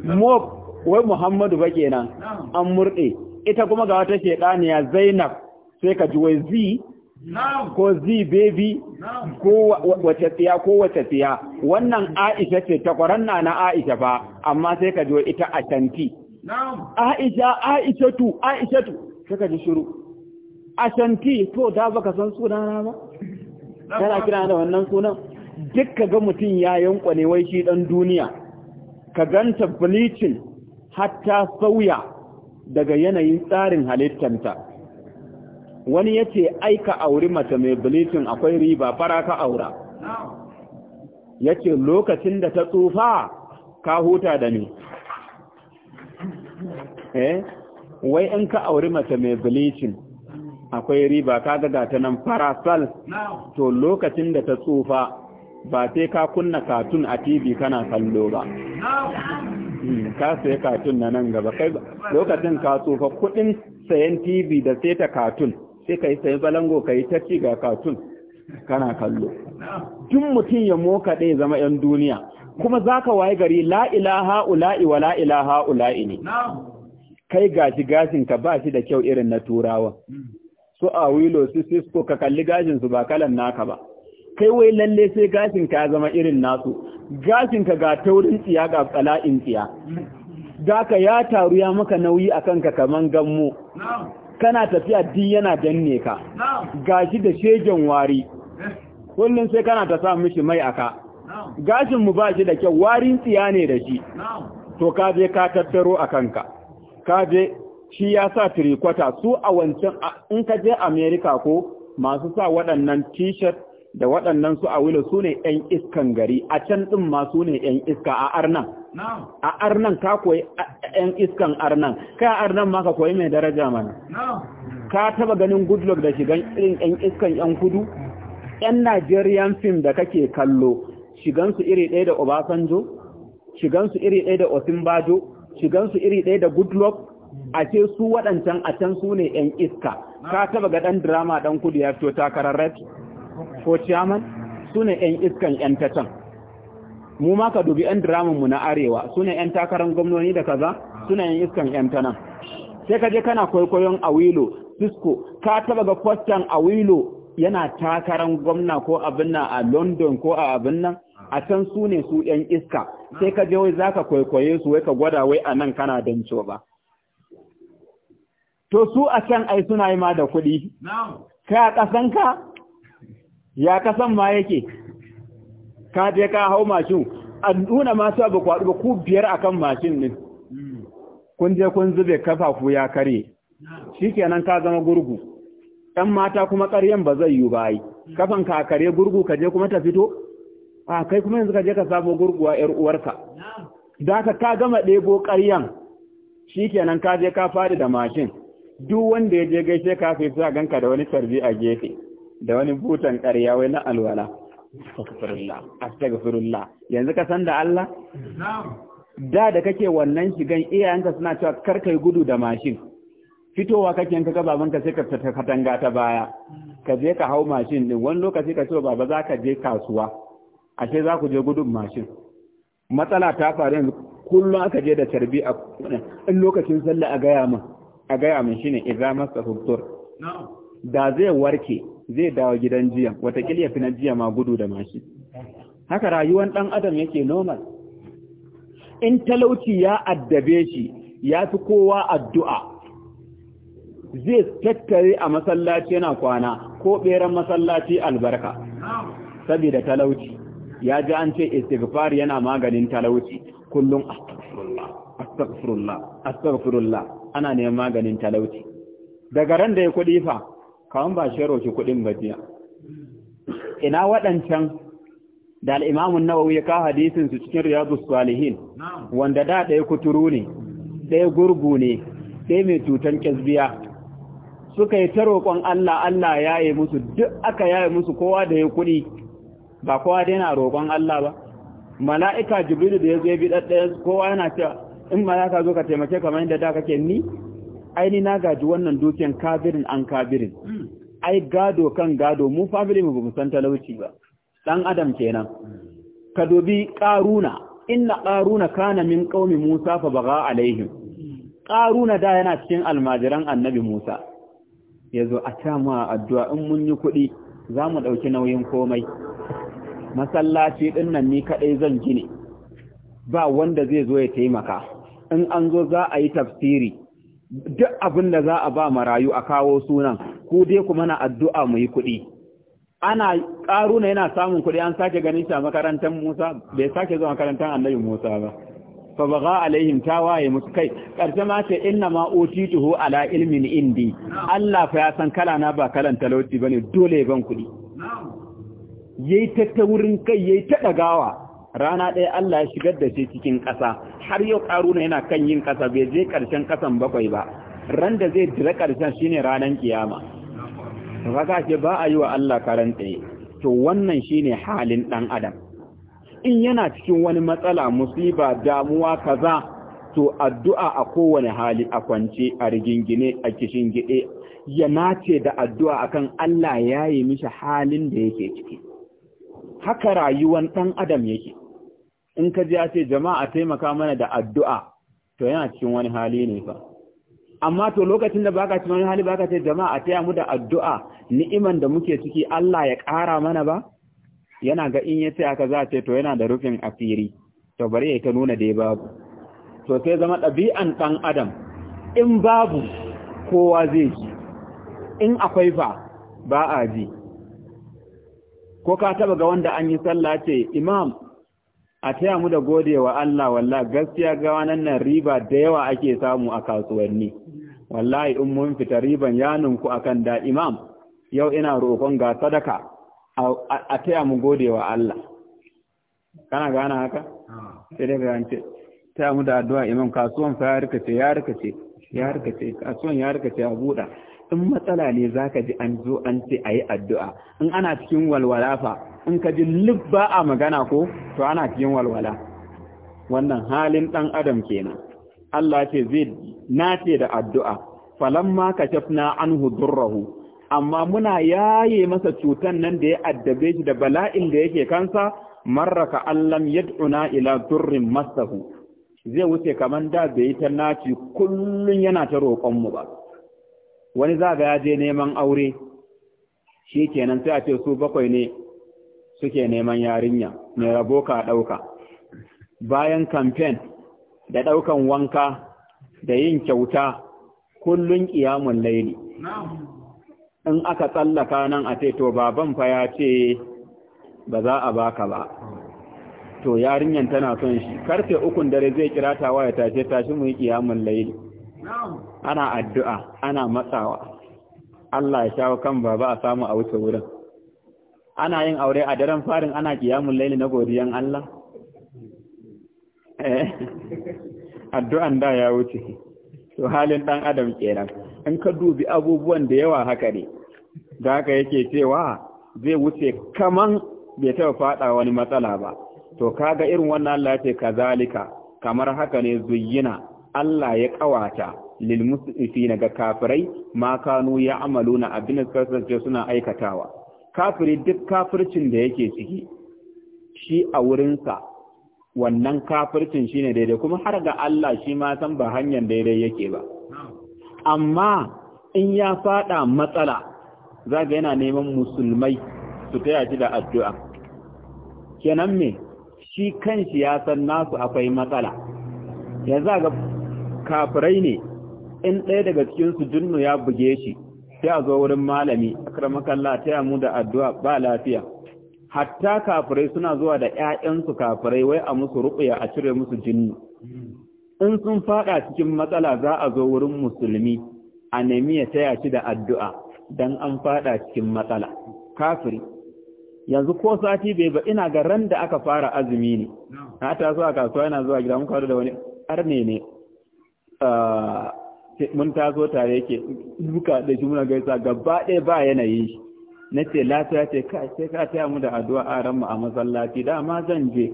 mob wai muhammadu ba kenan an murɗe ita kuma ga wata shekaniya zainab sai ka ji wai zi ko zi baby ko wace tsiya ko wace tsiya wannan aisha ce takwaran na na aisha ba amma sai ka ji wai ita a tanti aisha aishatu aishatu sai ka ji shiru a tanti to da baka san na ba kana kira da wannan sunan duk ka ga mutum ya yankwane wai shi dan duniya ka ganta bleaching hatta sauya daga yanayin tsarin halittanta wani yace ka auri mata mai bleaching akwai riba fara ka aura yace lokacin da ta tsufa ka huta da ni eh wai in ka auri mata mai bleaching akwai riba Ka ga ta nan farasal to lokacin da ta tsufa ba sai ka kunna katun a TV kana kallo ba hmm, ka sai katun na nan gaba kai lokacin ka tsufa kudin sayan TV da sai ta katun sai ka yi sayi balango ka yi ta ci ga katun kana kallo Tun mutum ya moka ɗaya zama 'yan duniya kuma za ka waye gari la'ilaha ula'i wa la'ilaha ula'i ne kai gashi gashinka ba shi da kyau irin na turawa hmm. su a wilo su sisko ka kalli gashinsu ba kalan naka ba kai wai lalle sai gashinka ya zama irin nasu gashinka ga taurin tsiya ga tsala'in tsiya ka ya taru ya maka nauyi a kanka kaman gammo kana tafiya din yana danne ka gashi da shegen wari eh. kullum sai kana ta sa mishi mai aka Gashinmu mu ba shi da kyau warin tsiya ne da shi to ka je ka tattaro a kanka ka je shi ya sa tirikwata su a wancan in ka je Amerika ko masu sa waɗannan t-shirt da waɗannan su a wilo su ne ‘yan iskan gari, a can ɗin masu su ne ‘yan iska a arnan. A arnan ka koyi ‘yan iskan arnan, kai a arnan ma ka koyi mai daraja mana. Ka taba ganin Goodluck da shigan irin ‘yan iskan ‘yan kudu? ‘Yan Nigerian film da kake kallo, shigansu iri ɗaya da Obasanjo, shigansu iri ɗaya da osimbajo shigansu iri ɗaya da Goodluck, a ce su waɗancan a can su ne ‘yan iska ka taba ga ɗan drama ɗan kudu ya fito takarar red ko chairman su ne ‘yan iskan ‘yan ta can mu ma ka dubi ‘yan mu na arewa su ne ‘yan takarar gwamnoni da kaza su ne ‘yan iskan ‘yan ta nan sai ka je kana kwaikwayon a wilo cisco ka taba ga kwastan a wilo yana takarar gwamna ko abin nan a london ko a abin nan a can su ne su ‘yan iska sai ka je wai za ka kwaikwaye su wai ka gwada wai a nan kana dancewa ba to su a can ai suna yi ma da kuɗi ka ka? ya kasan ma yake ka je ka hau mashin a nuna masu abu kwaɗu ba ku biyar akan mashin ɗin hmm. kun je kun zube kafafu ya karye shikenan ka zama gurgu Yan mata kuma ƙaryen ba zai yi ba yi hmm. kafan ka kare gurgu ka je kuma ta fito a kai kuma yanzu ka je ka samu gurguwa ƴar uwarka da ka ka gama ɗebo ƙaryen shikenan ka je ka fadi da mashin duk wanda ya je gaishe ka sai sa ganka da wani tarbi a gefe da wani butan ƙarya wai na alwala astaghfirullah astaghfirullah yanzu ka san da Allah da da kake wannan shigan iyayenka suna cewa kar kai gudu da mashin fitowa kake yanka ka babanka sai ka ta katanga ta baya ka je ka hau mashin din wani lokaci ka ce baba za ka je kasuwa ashe za ku je gudun mashin matsala ta faru yanzu kullum aka je da tarbi a in lokacin sallah a gaya min a gaya min shine idza masa hudur da zai warke zai dawo gidan jiya wata ya fina jiya ma gudu da mashi haka rayuwar dan adam yake normal in talauci ya addabe shi ya fi kowa addu'a zai tattare a masallaci yana kwana ko beran masallaci albarka saboda talauci ya ji an ce istighfar yana maganin talauci kullum astaghfirullah astaghfirullah astaghfirullah ana neman maganin talauci daga ran da ya kuɗi fa kawun ba shi roki kuɗin gajiya ina waɗancan da an nawawi ya kawo hadisin su cikin riyadu salihin wanda da ɗaya kuturu ne ɗaya gurgu ne sai mai tutan ƙasbiya suka yi ta roƙon Allah Allah ya yi musu duk aka ya yi musu kowa da ya kuɗi ba kowa da yana roƙon Allah ba mala'ika Jibril da yazo zo ya bi dadda kowa yana cewa in ma ya ka zo ka taimake kamar yadda da kake ni aini na gaji wannan dukiyan kabirin an kabirin ai gado kan gado mu family mu bamu san talauci ba dan adam kenan ka dobi qaruna inna qaruna kana min qaumi musa fa baga alaihim qaruna da yana cikin almajiran annabi musa yazo a tama addu'a in mun yi kuɗi za mu ɗauki nauyin komai masallaci ɗin ni kaɗai zan gine ba wanda zai zo ya taimaka in an zo za a yi tafsiri duk abin da za a ba marayu a kawo sunan ko dai kuma na addu'a mu yi kuɗi ana na yana samun kuɗi an sake ganin shi a makarantar Musa bai sake zuwa makarantar Annabi Musa ba fa baga alaihim tawaye musu kai karshe ma ce inna ma utituhu ala ilmin indi Allah fa ya san kala na ba kalan talauci bane dole ban kuɗi yayi tattaurin kai yayi ta dagawa rana ɗaya Allah ya shigar da shi cikin ƙasa har yau ƙaruna yana kan yin ƙasa bai je ƙarshen ƙasan bakwai ba ran da zai jira ƙarshen shine ranar kiyama ka ce ba a yi wa Allah karan tsaye to wannan shi ne halin ɗan adam in yana cikin wani matsala musiba damuwa kaza to addu'a a kowane hali a kwance a rigingine a kishin gide ya nace da addu'a akan Allah ya yi mishi halin da yake ciki haka rayuwan ɗan adam yake in ka ji a ce jama'a taimaka mana da addu'a to yana cikin wani hali ne fa amma to lokacin da baka cikin wani hali baka ce jama'a taya mu da addu'a ni'iman da muke ciki Allah ya ƙara mana ba yana ga in yace aka za ce to yana da rufin asiri to bari ya ta nuna dai babu to sai zama ɗabi'an ɗan adam in babu kowa zai ji in akwai ba ba a ji ko ka taba ga wanda an yi sallah ce imam a taya mu da godewa Allah wallah gaskiya ga wannan nan riba da yawa ake samu a kasuwanni wallahi in mun fita riban ya ninku akan da imam yau ina roƙon ga sadaka a taya mu godewa Allah kana gana haka sai dai ga ce taya mu da addu'a imam kasuwan fa ya rikace ya rikace kasuwan ya rikace a buɗa in matsala ne za ka ji an zo an ce a yi addu'a in ana cikin walwala fa in ka ji libba a magana ko to ana cikin walwala wannan halin ɗan adam kenan Allah ce zai nace da addu'a falon ma falamma na an hudurrahu amma muna yaye masa cutan nan da ya addabe shi da bala'in da yake kansa marraka allam yad'una ila durrin masahu zai wuce kamar da bai ta naci kullum yana ta roƙonmu ba wani za ga ya je neman aure shi kenan sai a ce su bakwai ne suke neman yarinya mai rabo ka ɗauka bayan kamfen da ɗaukan wanka da yin kyauta kullun ƙiyamun laili in aka tsallaka nan a ce to baban fa ya ce ba za a baka ba to yarinyan tana son shi karfe ukun dare zai kira ta waya tashe tashi mu yi ƙiyamun laili ana addu'a ana matsawa Allah ya shawo kan baba a samu a wuce wurin ana yin aure a daren farin ana kiyamun laili na godiyan Allah eh addu'an da ya wuce to halin dan adam kenan in ka dubi abubuwan da yawa haka ne da haka yake cewa zai wuce kaman bai taɓa faɗa wani matsala ba to kaga irin wannan Allah ya kazalika kamar haka ne zuyyina Allah ya kawata lil na ga kafirai ma kanu amaluna abin da suka suna aikatawa kafiri duk kafircin da yake ciki shi a wurinsa wannan kafircin shine daidai kuma har ga Allah shi ma san ba hanyar daidai yake ba amma in ya fada matsala za ga yana neman musulmai su taya shi da addu'a kenan me shi kanshi ya san nasu akwai matsala yanzu ga kafirai ne in ɗaya daga cikin su jinnu ya buge shi sai a zo wurin malami akramakallah ta mu da addu'a ba lafiya hatta kafirai suna zuwa da 'ya'yansu kafirai wai a musu ruqya a cire musu jinnu in sun faɗa cikin matsala za a zo wurin musulmi a nemi ya taya shi da addu'a dan an faɗa cikin matsala kafiri yanzu ko sati bai ba ina ga ran da aka fara azumi ne na ta zuwa kasuwa yana zuwa gida muka da wani arne ne mun taso tare yake duka da shi gaisa gaba ɗaya ba yanayi na ce lafiya ce kai sai ka taya mu da addu'a a ranmu a masallaci dama zan je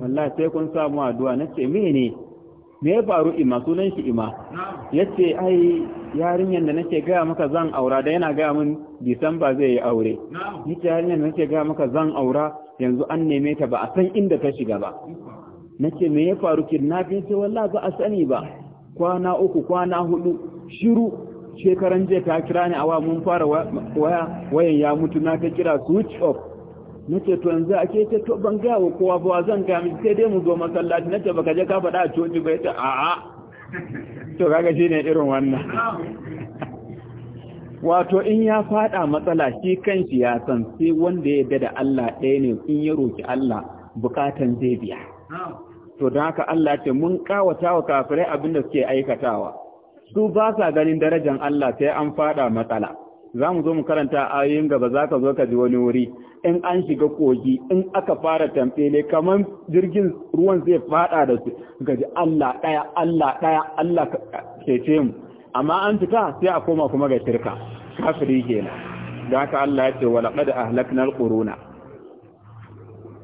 wallahi sai kun sa mu addu'a na ce mene me ya faru ima sunan shi ima ya ce ai yarinyar da nake gaya maka zan aura da yana gaya mun disamba zai yi aure ni ce yarinyar da nake gaya maka zan aura yanzu an neme ta ba a san inda ta shiga ba nake me ya faru kidnapping sai wallahi ba a sani ba kwana uku kwana hudu shiru shekaran jiya ta kira ni awa mun fara waya wayan ya mutu na ta kira switch off ce to yanzu ake ce to ban ga wa kowa ba zan ga mu sai dai mu zo masallaci nace baka je ka faɗa a coci ba ita a a to kaga shine irin wannan wato in ya faɗa matsala shi kanshi ya san sai wanda ya yarda da Allah ɗaya ne in ya roki Allah bukatan zai biya to don haka Allah ce mun kawata wa kafirai abin da suke aikatawa su ba sa ganin darajar Allah sai an fada matsala za mu zo mu karanta ayoyin gaba za ka zo ka ji wani wuri in an shiga kogi in aka fara tamfele kamar jirgin ruwan zai fada da su gaji Allah ɗaya Allah ɗaya Allah ce mu amma an fita sai a koma kuma ga shirka kafiri kenan don haka Allah ya ce wa laqad ahlaknal quruna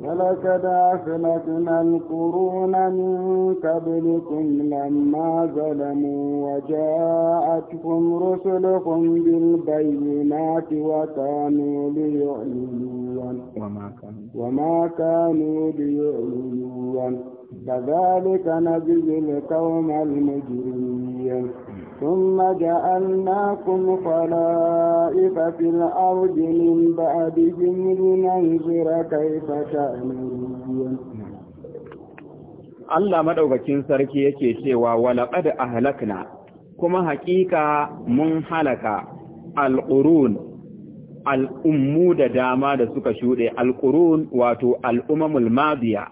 ولقد أهلكنا القرون من قبلكم لما ظلموا وجاءتهم رسلهم بالبينات وكانوا ليؤمنون وما كانوا ليؤمنون كذلك نجزي القوم المجرمين ثم جعلناكم خلائف في الأرض من بعدهم لننظر كيف تأمرون Allah madaukakin sarki yake cewa walaqad ahlakna kuma hakika mun halaka alqurun al'ummu da dama da suka shude alqurun wato al'umamul madiya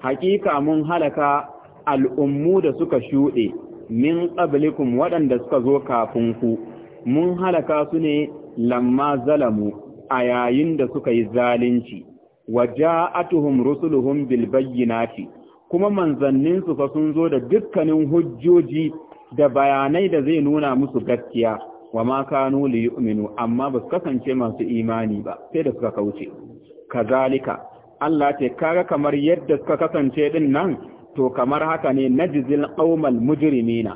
hakika mun halaka al'ummu da suka shuɗe min qablikum waɗanda suka zo kafin ku mun halaka su ne lamma zalamu a yayin da suka yi zalunci wa ja'atuhum rusuluhum bil bayyinati kuma manzannin su fa sun zo da dukkanin hujjoji da bayanai da zai nuna musu gaskiya wa ma kanu li yu'minu amma ba su kasance masu imani ba sai da suka kauce kazalika Allah ce kaga kamar yadda suka kasance din nan to kamar haka ne najzil qaumal mujrimina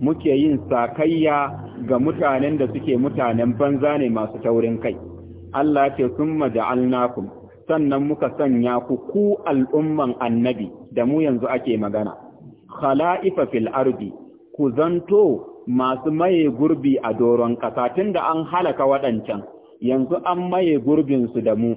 muke yin sakayya ga mutanen da suke mutanen banza ne masu taurin kai Allah ce summa ja'alnakum sannan muka sanya ku ku al'umman annabi da mu yanzu ake magana khala'ifa fil ardi ku zanto masu maye gurbi a doron kasa da an halaka waɗancan yanzu an maye gurbinsu da mu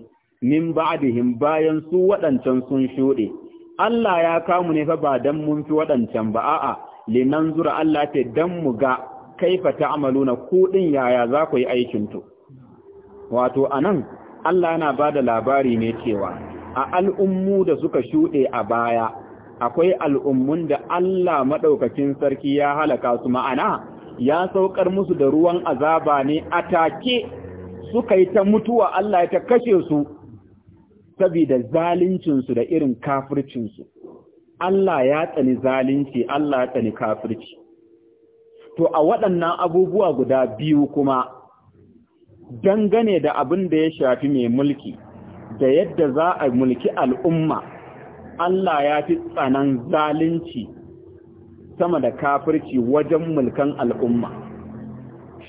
min ba'dihim bayan su waɗancan sun shuɗe Allah ya kamu ne fa ba dan mun fi waɗancan ba a'a linan zura Allah ta dan mu ga kaifa ta'maluna ku din yaya za ku yi aikin to wato anan Allah yana bada labari ne cewa a al'ummu da suka shuɗe a baya akwai al'ummun da Allah madaukakin sarki ya halaka su ma'ana ya saukar musu da ruwan azaba ne a take suka yi ta mutuwa Allah ya ta kashe su saboda zaluncinsu da irin kafircinsu. Allah ya tsani zalunci, Allah ya tsani kafirci. To, a waɗannan abubuwa guda biyu kuma, dangane da abin da ya shafi mai mulki, da yadda za a mulki al'umma, Allah ya fi tsanan zalunci sama da kafirci wajen mulkan al'umma.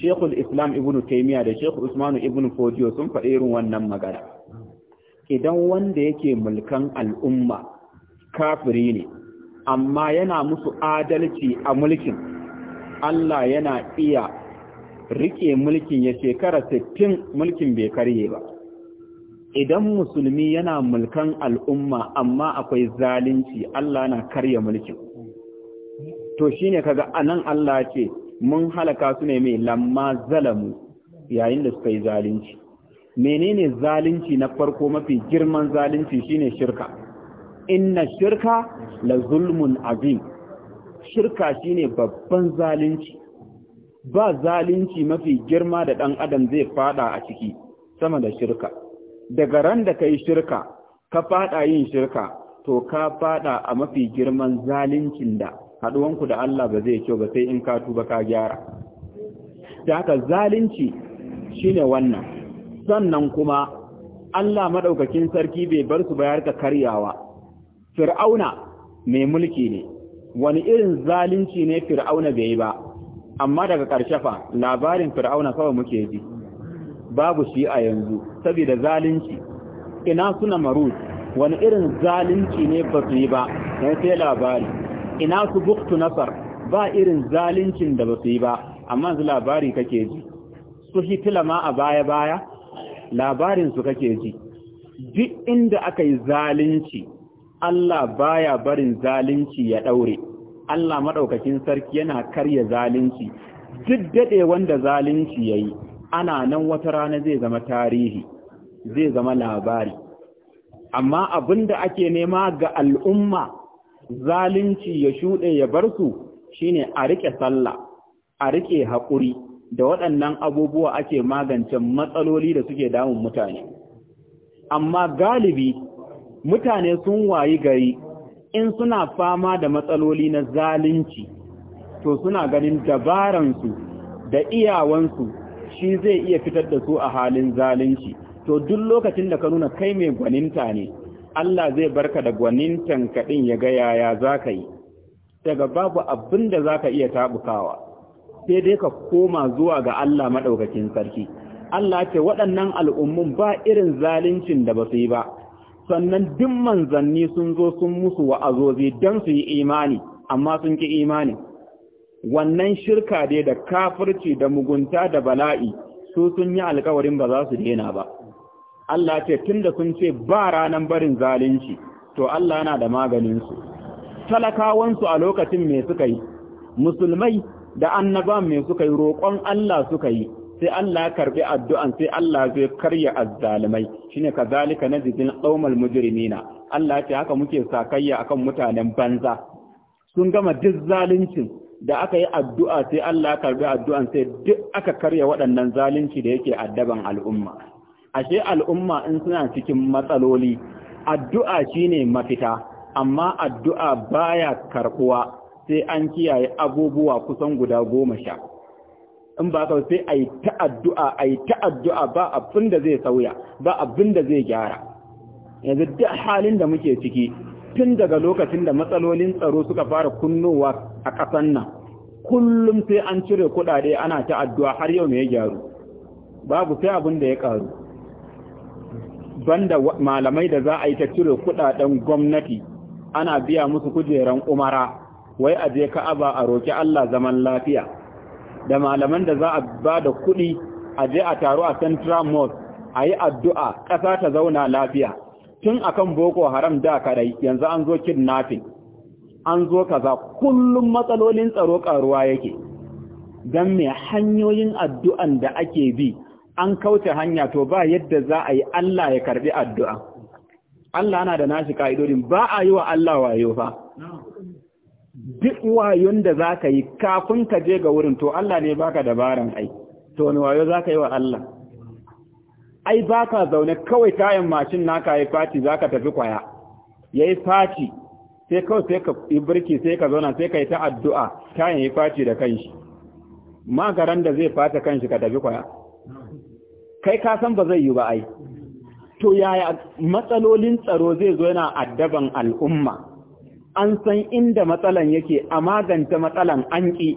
Shekul Islam Ibn Taimiyya da Shekul Usmanu Ibn Fodiyo sun faɗi irin wannan magana. idan wanda yake mulkan al'umma kafiri ne amma yana musu adalci a mulkin Allah yana iya rike mulkin ya shekara 60 mulkin bai karye ba idan musulmi yana mulkan al'umma amma akwai zalunci Allah na karya mulkin to shine kaga anan Allah ce mun halaka su ne mai lamma zalamu yayin da suka yi zalunci menene zalunci na farko mafi girman zalunci shine shirka inna shirka la zulmun azim shirka shine babban zalunci ba zalunci mafi girma da dan adam zai fada a ciki sama da shirka daga ran da kai shirka ka fada yin shirka to ka fada a mafi girman zalincin da haduwanku da Allah ba zai kyau ba sai in ka tuba ka gyara da haka zalunci shine wannan sannan kuma Allah madaukakin sarki bai bar su bayar da karyawa fir'auna mai mulki ne wani irin zalunci ne fir'auna bai yi ba amma daga ƙarshe fa labarin fir'auna kawai muke ji babu shi a yanzu saboda zalunci ina suna marut wani irin zalunci ne ba su yi ba don sai labari ina su buktu nasar ba irin zaluncin da ba su yi ba amma su labari kake ji su hitila ma a baya-baya labarin su kake ji duk inda aka yi zalunci Allah baya barin zalunci ya daure Allah madaukakin sarki yana karya zalunci duk daɗe wanda zalunci yayi ana nan wata rana zai zama tarihi zai zama labari amma da ake nema ga al'umma zalunci ya shuɗe ya bar su shine a riƙe sallah a riƙe haƙuri da waɗannan abubuwa ake magance matsaloli da suke damun mutane amma galibi mutane sun wayi gari in suna fama da matsaloli na zalunci to suna ganin dabaransu da iyawansu shi zai iya fitar da su a halin zalunci to duk lokacin da ka nuna kai mai gwaninta ne Allah zai barka da gwanintan kaɗin ya ga yaya za ka yi daga babu abin da za ka iya taɓukawa sai dai ka koma zuwa ga Allah madaukakin sarki Allah ce waɗannan al'ummun ba irin zalincin da ba su yi ba sannan duk manzanni sun zo sun musu wa'azozi don su yi imani amma sun ki imani wannan shirka dai da kafirci da mugunta da bala'i su sun yi alkawarin ba za su daina ba Allah ce tunda sun ce ba ranan barin zalunci to Allah yana da maganinsu talakawansu a lokacin mai suka yi musulmai da annaba mai suka yi roƙon Allah suka yi sai Allah ya karbi addu'an sai Allah zai karya azzalumai shine kazalika najidil qaumal mujrimina Allah ce haka muke sakayya akan mutanen banza sun gama duk zaluncin da aka yi addu'a sai Allah ya karbi addu'an sai duk aka karya waɗannan zalunci da yake addaban al'umma ashe al'umma in suna cikin matsaloli addu'a shine mafita amma addu'a baya karbuwa sai an kiyaye abubuwa kusan guda goma sha in ba ka sai a yi ta'addu'a a yi ta'addu'a ba abin da zai sauya ba abin da zai gyara yanzu duk halin da muke ciki tun daga lokacin da matsalolin tsaro suka fara kunnowa a ƙasan nan kullum sai an cire kuɗaɗe ana ta'addu'a har yau ya gyaru babu sai abin da ya ƙaru banda malamai da za a yi ta cire kuɗaɗen gwamnati ana biya musu kujeran umara wai a je ka'aba a roki Allah zaman lafiya da malaman da za a ba da kuɗi a je a taro a central mosque a yi addu'a ƙasa ta zauna lafiya tun akan boko haram da kadai yanzu an zo kidnapping an zo kaza kullum matsalolin tsaro karuwa yake don mai hanyoyin addu'an da ake bi an kauce hanya to ba yadda za a yi Allah ya karbi addu'a Allah na da nashi ka'idodin ba a yi wa Allah wayo fa duk wayon da za ka yi kafin ka je ga wurin to Allah ne baka dabaran ai to wani wayo za ka yi wa Allah ai baka zaune kawai kayan mashin naka yi fati za ka tafi kwaya ya yi fati sai kawai sai ka yi birki sai ka zauna sai ka yi ta addu'a ya yi fati da kanshi magaran da zai fata kanshi ka tafi kwaya kai ka san ba zai yi ba ai to yaya matsalolin tsaro zai zo yana addaban al'umma an san inda matsalan yake a maganta matsalan an ƙi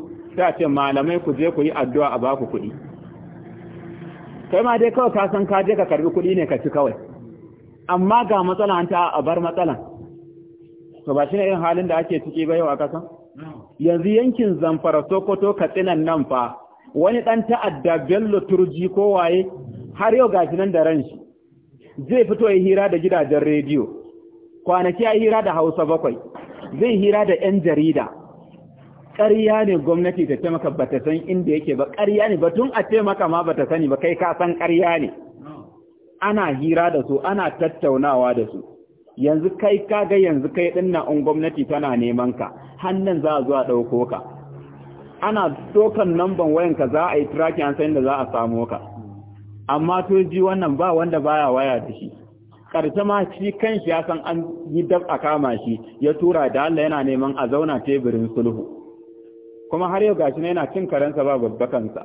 ce malamai ku je ku yi addu'a a baku kuɗi kai ma dai kawai ka san ka je ka karbi kuɗi ne ka ci kawai amma ga matsalan ta a bar matsalan to ba shi ne irin halin da ake ciki ba yau a kasan yanzu yankin zamfara sokoto katsinan nan fa wani ɗan ta'adda bello turji ko waye har yau gashi nan da ran shi zai fito ya hira da gidajen rediyo kwanaki ya hira da hausa bakwai zai hira da 'yan jarida ƙarya ne gwamnati ta ce maka bata san inda yake ba ƙarya ne ba tun a ce maka ma bata sani ba kai ka san ƙarya ne ana hira da su ana tattaunawa da su yanzu kai ka ga yanzu kai din na in gwamnati tana neman ka hannun za a zuwa ɗauko ka ana dokan namban wayan ka za a yi tracking an san da za a samu ka amma to ji wannan ba wanda baya waya da shi karshe ma shi kanshi ya san an yi dab a kama shi ya tura da Allah yana neman a zauna teburin sulhu kuma har yau gashi na yana cin karensa ba babbakansa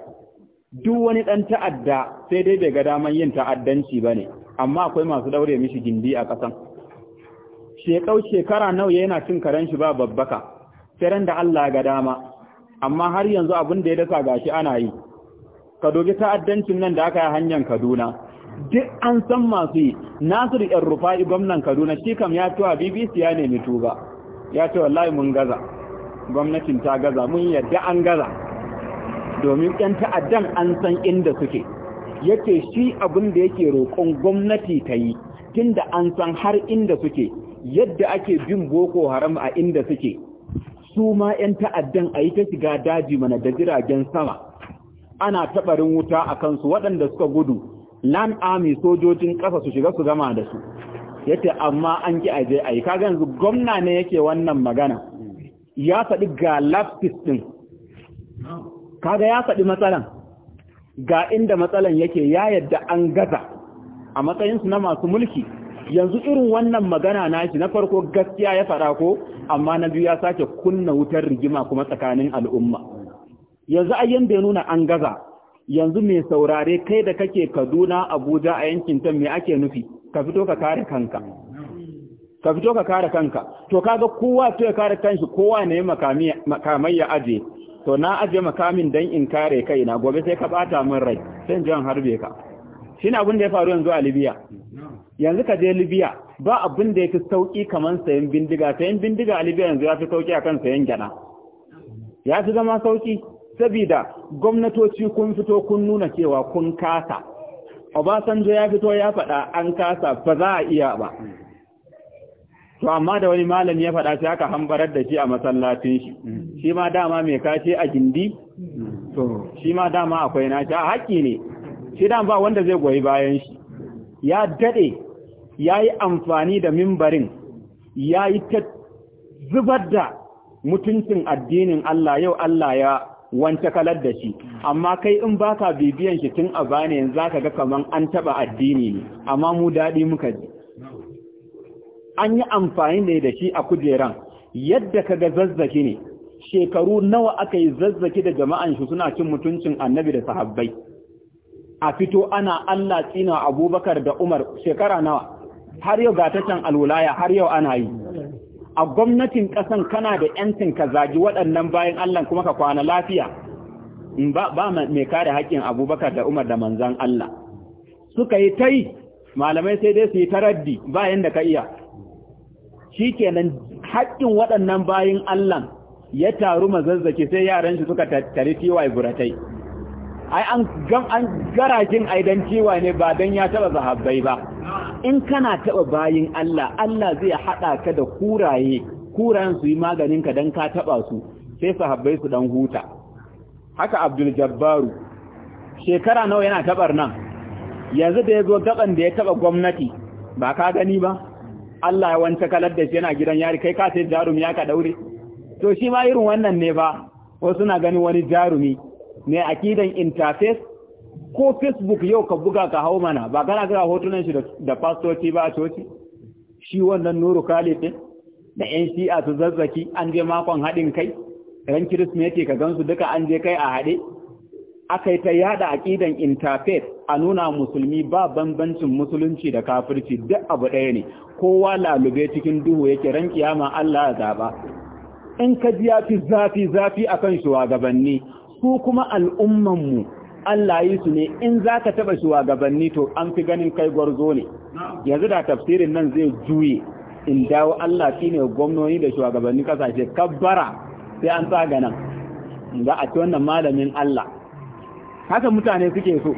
duk wani dan ta'adda sai dai bai ga daman yin ta'addanci bane amma akwai masu daure mishi gindi a kasan shekau shekara nawa yana cin karen shi ba babbaka sai ran da Allah ga dama amma har yanzu abin da ya dasa gashi ana yi ka dogi ta'addancin nan da aka yi hanyar Kaduna duk an san masu yi nasiru yan rufa'i gwamnan kaduna shi kam ya tuwa bbc ya nemi tuba ya ce wallahi mun gaza gwamnatin ta gaza mun yadda an gaza domin yan ta'addan an san inda suke yake shi abin da yake roƙon gwamnati ta yi tun da an san har inda suke yadda ake bin boko haram a inda suke su ma 'yan ta'addan a yi ta shiga daji mana da jiragen sama ana taɓarin wuta a kansu waɗanda suka gudu land ami sojojin ƙasa su shiga su gama da su yace amma an ki aje yi. kaga yanzu gwamna ne yake wannan magana ya faɗi ga lapis din kaga ya faɗi matsalan ga inda matsalan yake ya yadda an gaza a matsayinsu na masu mulki yanzu irin wannan magana nashi na farko gaskiya ya fara ko amma na biyu ya sake kunna wutar rigima kuma tsakanin al'umma yanzu ayyan da ya nuna an gaza yanzu mai saurare kai da kake Kaduna Abuja a yankin ta me ake nufi ka fito ka kare kanka ka fito ka kare kanka to kaga kowa to ya kare kanshi kowa ne makami makamai ya aje to na aje makamin dan in kare kai na gobe sai ka bata min rai sai jan harbe ka shine abin da ya faru yanzu a Libya yanzu ka je Libya ba abin da yake sauki kaman sayan bindiga sayan bindiga a Libya yanzu ya fi sauki akan sayan gana ya fi zama sauki sabida gwamnatoci kun fito kun nuna cewa kun kasa Obasanjo ya fito ya faɗa an kasa ba za a iya ba to amma da wani malami ya faɗa sai aka hambarar da shi a masallacin shi shi ma dama mai kace a gindi to shi ma dama akwai nashi a haƙƙi ne shi dama ba wanda zai goyi bayan shi ya daɗe ya yi amfani da mimbarin ya yi ta zubar da mutuncin addinin Allah yau Allah ya wanta kalar da shi amma kai in baka bibiyan shi tun a bane yanzu zaka ga kaman an taba addini ne amma mu dadi muka ji an yi amfani ne da shi a kujeran yadda kaga zazzaki ne shekaru nawa aka yi zazzaki da jama'an shi suna cin mutuncin annabi da sahabbai a fito ana Allah tsina Abubakar da Umar shekara nawa har yau ga ta can alwulaya har yau ana yi a gwamnatin ƙasan kana da ‘yancin ka zagi waɗannan bayan Allah kuma ka kwana lafiya ba mai kare haƙƙin abubakar da umar da manzan Allah suka yi ta yi malamai sai dai su yi taraddi bayan da ka iya shi kenan haƙƙin waɗannan bayan Allah ya taru mazazzaki sai yaran shi suka tattari tiwa buratai ai an gan an garajin aidan cewa ne ba dan ya taba zahabbai ba in kana taba bayin Allah Allah zai hada ka da kuraye kuran su yi maganin ka dan ka taba su sai sahabbai su dan huta haka Abdul Jabbaru shekara nawa yana tabar nan yanzu da yazo gaban da ya taba gwamnati ba ka gani ba Allah ya wanta kalar da shi yana gidan yari kai ka sai jarumi ya ka daure to shi ma irin wannan ne ba wasu na ganin wani jarumi mai akidan interface ko facebook yau ka buga ka hau mana ba kana gara hotunan shi da fastoci ba coci shi wannan nuru khalifin da yan shi'a su zazzaki an je makon haɗin kai ran kirismeti ka gansu duka an je kai a haɗe aka yi ta yada aƙidan interfaith a nuna musulmi ba bambancin musulunci da kafirci duk abu ɗaya ne kowa lalube cikin duhu yake ran kiyama Allah ya zaba in ka ji ya fi zafi zafi akan shugabanni su kuma al'ummanmu Allah yi su ne in za ka taɓa shugabanni to an fi ganin kai gwarzo ne yanzu da tafsirin nan zai juye in dawo Allah shi ne gwamnoni da shugabanni kasashe kabbara sai an tsaga nan ga a ci wannan malamin Allah haka mutane suke so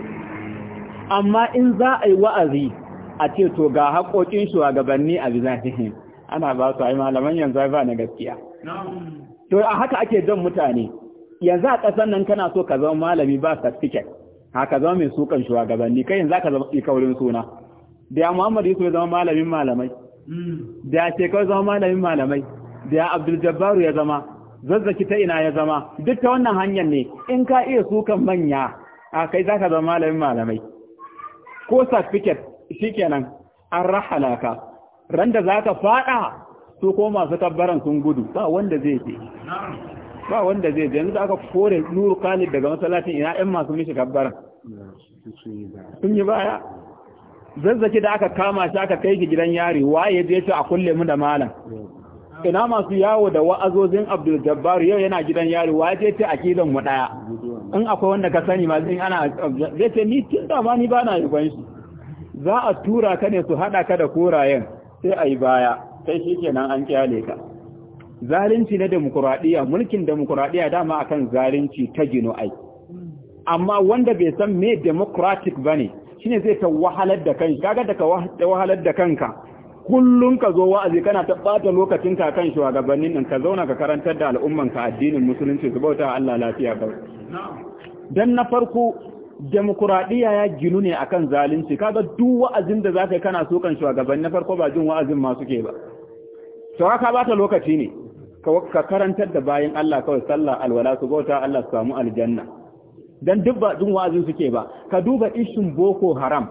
amma in za a yi wa'azi a ce to ga haƙoƙin shugabanni a bizahihin ana ba su a yi malaman yanzu ba na gaskiya to a haka ake jan mutane yanzu a ƙasar nan kana so ka zama malami ba certificate haka zama mai sukan shugabanni kai yanzu ka zama kaurin suna da ya Muhammad Yusuf ya zama malamin malamai da ya shekau zama malamin malamai da ya Abdul Jabbaru ya zama zazzaki ta ina ya zama duk ta wannan hanyar ne in ka iya sukan manya a kai za ka zama malamin malamai ko certificate shikenan an rahala ka ran za ka faɗa su ko masu tabbaran sun gudu ba wanda zai ce ba wanda zai je yanzu aka kore nuru khalid daga masallacin ina yan masu mishi kabbara sun yi baya zazzaki da aka kama shi aka kai ki gidan yari waye zai ce a kulle mu da malam ina masu yawo da wa'azozin abdul jabbar yau yana gidan yari waye zai ce akidan mu daya in akwai wanda ka sani ma zin ana zai ce ni tun da ma ba na yaban shi za a tura ka ne su hada ka da korayen sai a yi baya sai shikenan an kyale ka zalunci na demokuraɗiyya mulkin demokuraɗiyya dama akan zalunci ta gino ai amma wanda bai san me democratic ba ne shi zai ta wahalar da kanka kaga da ka wahalar da kanka kullum ka zo wa'azi kana ta bata lokacin ka kan shugabannin nan ka zauna ka karantar da al'umman ka addinin musulunci su bauta Allah lafiya ba dan na farko demokuraɗiyya ya ginu ne akan zalunci kaga duk wa'azin da zaka kana so kan shugabanni na farko ba jin wa'azin ma suke ba to haka ba lokaci ne ka karantar da bayan Allah kawai sallah alwala su bauta Allah su samu aljanna dan duk ba dun wa'azin suke ba ka duba ishin boko haram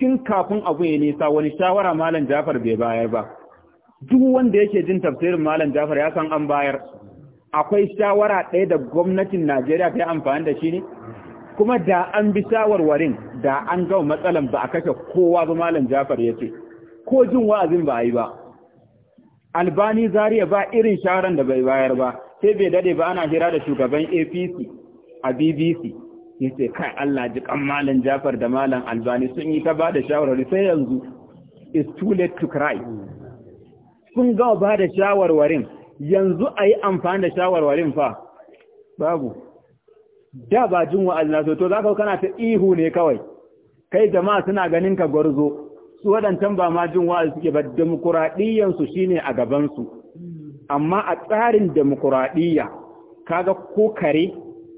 tun kafin abu ya nisa wani shawara malam Jafar bai bayar ba duk wanda yake jin tafsirin malam Jafar ya san an bayar akwai shawara ɗaya da gwamnatin Najeriya ta yi amfani da shi ne kuma da an bi shawarwarin da an gama matsalan ba a kashe kowa ba malam Jafar ya ce ko jin wa'azin ba a yi ba albani zariya ba irin sharan da bai bayar ba sai bai dade ba ana hira da shugaban apc a bbc ya ce kai allah jikan malam jafar da malam albani sun yi ta ba da shawarwari sai yanzu it's too late to cry sun gawa ba da shawarwarin yanzu a yi amfani da shawarwarin fa babu da ba jin wa'azi na to za ka kana ta ihu ne kawai kai jama'a suna ganin ka gwarzo su waɗancan ba ma jin wa'azi suke ba demokuraɗiyyansu shine a gabansu amma a tsarin demokuraɗiyya kaga ko kare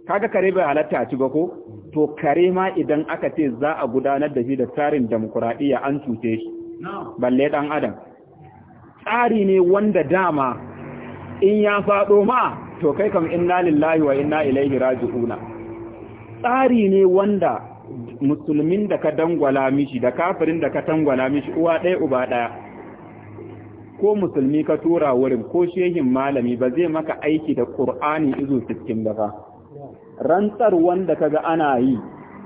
kaga kare bai halatta a ci ba ko to kare ma idan aka ce za a gudanar da shi da tsarin demokuraɗiyya an cuce shi balle ɗan adam tsari ne wanda dama in ya faɗo ma to kai kam inna lillahi wa inna ilaihi raji'una tsari ne wanda musulmin da ka dangwala mishi da kafirin da ka tangwala mishi uwa ɗaya uba ɗaya ko musulmi ka tura wurin ko shehin malami ba zai maka aiki da ƙur'ani izu sittin ba rantsar wanda ka ga ana yi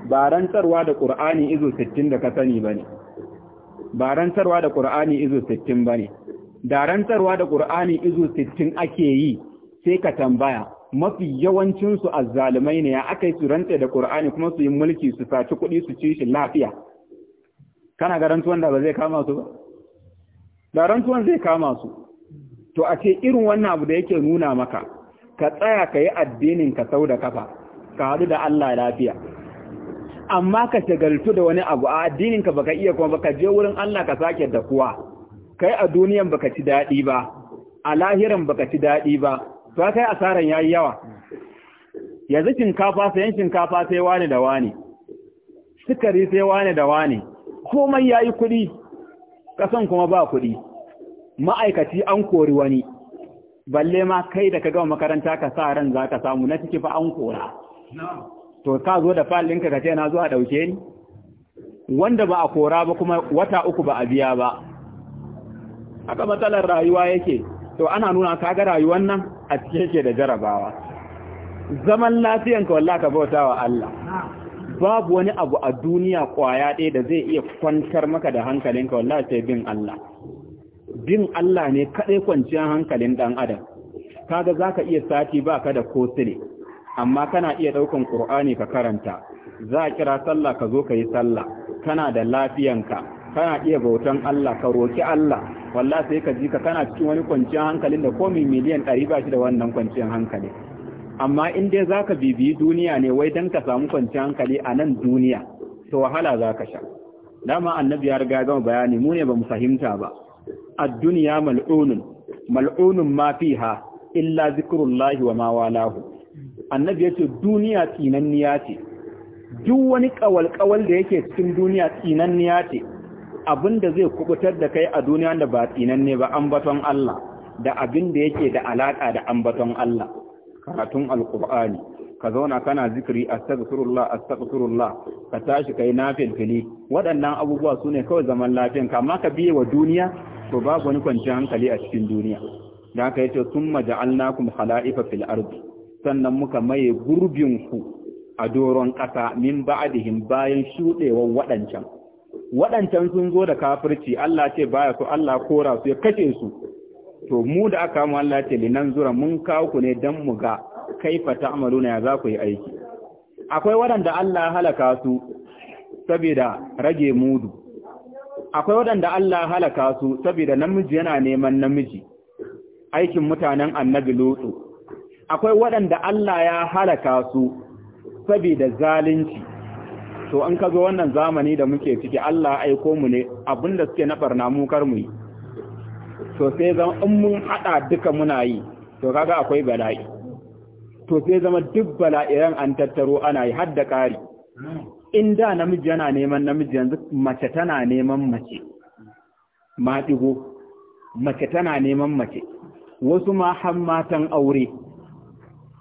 ba rantsarwa da ƙur'ani izu sittin da ka sani ba ne ba rantsarwa da ƙur'ani izu sittin ba ne da rantsarwa da ƙur'ani izu sittin ake yi sai ka tambaya mafi yawancinsu azzalumai ne ya aka yi su rantse da Qur'ani kuma su yi mulki su saci kuɗi su ci shi lafiya kana ga rantuwan da ba zai kama su ba da rantuwan zai kama su to a ce irin wannan abu da yake nuna maka ka tsaya ka yi addinin ka sau da kafa ka haɗu da Allah lafiya amma ka shagaltu da wani abu a addinin ka baka iya kuma baka je wurin Allah ka sake da kuwa kai a duniyan baka ci daɗi ba a lahiran baka ci daɗi ba to kai asaran yayi yawa yanzu shinkafa sayan shinkafa sai wani da wani sukari sai wani da wani komai yayi kuɗi kasan kuma ba kuɗi ma'aikaci an kori wani balle ma kai da ka gama makaranta ka sa ran za ka samu na ciki fa an kora to ka zo da ɗinka ka ce na zo a ɗauke ni wanda ba a kora ba kuma wata uku ba a biya ba haka matsalar rayuwa yake to ana nuna ka ga rayuwar nan a cike yake da jarabawa zaman lafiyanka wallahi ka bauta wa Allah babu wani abu a duniya kwaya ɗaya da zai iya kwantar maka da hankalinka wallahi sai bin Allah bin Allah ne kadai kwanciyar hankalin dan adam kaga zaka iya sati baka da kosile amma kana iya daukan Qur'ani ka karanta za a kira sallah ka zo ka yi sallah kana da lafiyanka kana iya bautan Allah ka roki Allah walla sai ka ji ka kana cikin wani kwanciyar hankalin da komi miliyan ɗari ba shi da wannan kwanciyar hankali amma in dai zaka bibiyi duniya ne wai dan ka samu kwanciyar hankali a nan duniya to wahala zaka sha dama annabi ya riga gama bayani mu ne bamu fahimta ba ad-dunya mal'unun mal'unun ma fiha illa zikrullahi wa ma walahu annabi yace duniya tinanniya ce duk wani kawal-kawal da yake cikin duniya tsinanniya ce abin da zai kubutar da kai a duniya da ba tsinanne ba ambaton Allah da abin da yake da alaka da ambaton Allah karatun alqur'ani ka zauna kana zikiri astaghfirullah astaghfirullah ka tashi kai nafilfili waɗannan abubuwa sune kawai zaman lafiyan ka amma ka biye wa duniya to babu wani kwanciyar hankali a cikin duniya da aka yace summa ja'alnakum khala'ifa fil ardi sannan muka maye ku a doron kasa min ba'dihim bayan shuɗewar waɗancan waɗancan sun zo da kafirci Allah ce baya su Allah kora su ya kace su to mu da aka mu Allah ce linan zura mun kawo ku ne dan mu ga kaifa na ya za ku yi aiki akwai waɗanda Allah halaka su saboda rage mudu akwai waɗanda Allah halaka su saboda namiji yana neman namiji aikin mutanen annabi lutu akwai waɗanda Allah ya halaka su saboda zalunci to an ka zo wannan zamani da muke ciki Allah aiko mu ne abinda suke na barna mu kar mu yi to sai zama in mun hada duka muna yi to kaga akwai bala'i to sai zama duk bala'iran an tattaro ana yi har da kari in da namiji yana neman namiji yanzu mace tana neman mace maɗigo mace tana neman mace wasu ma har matan aure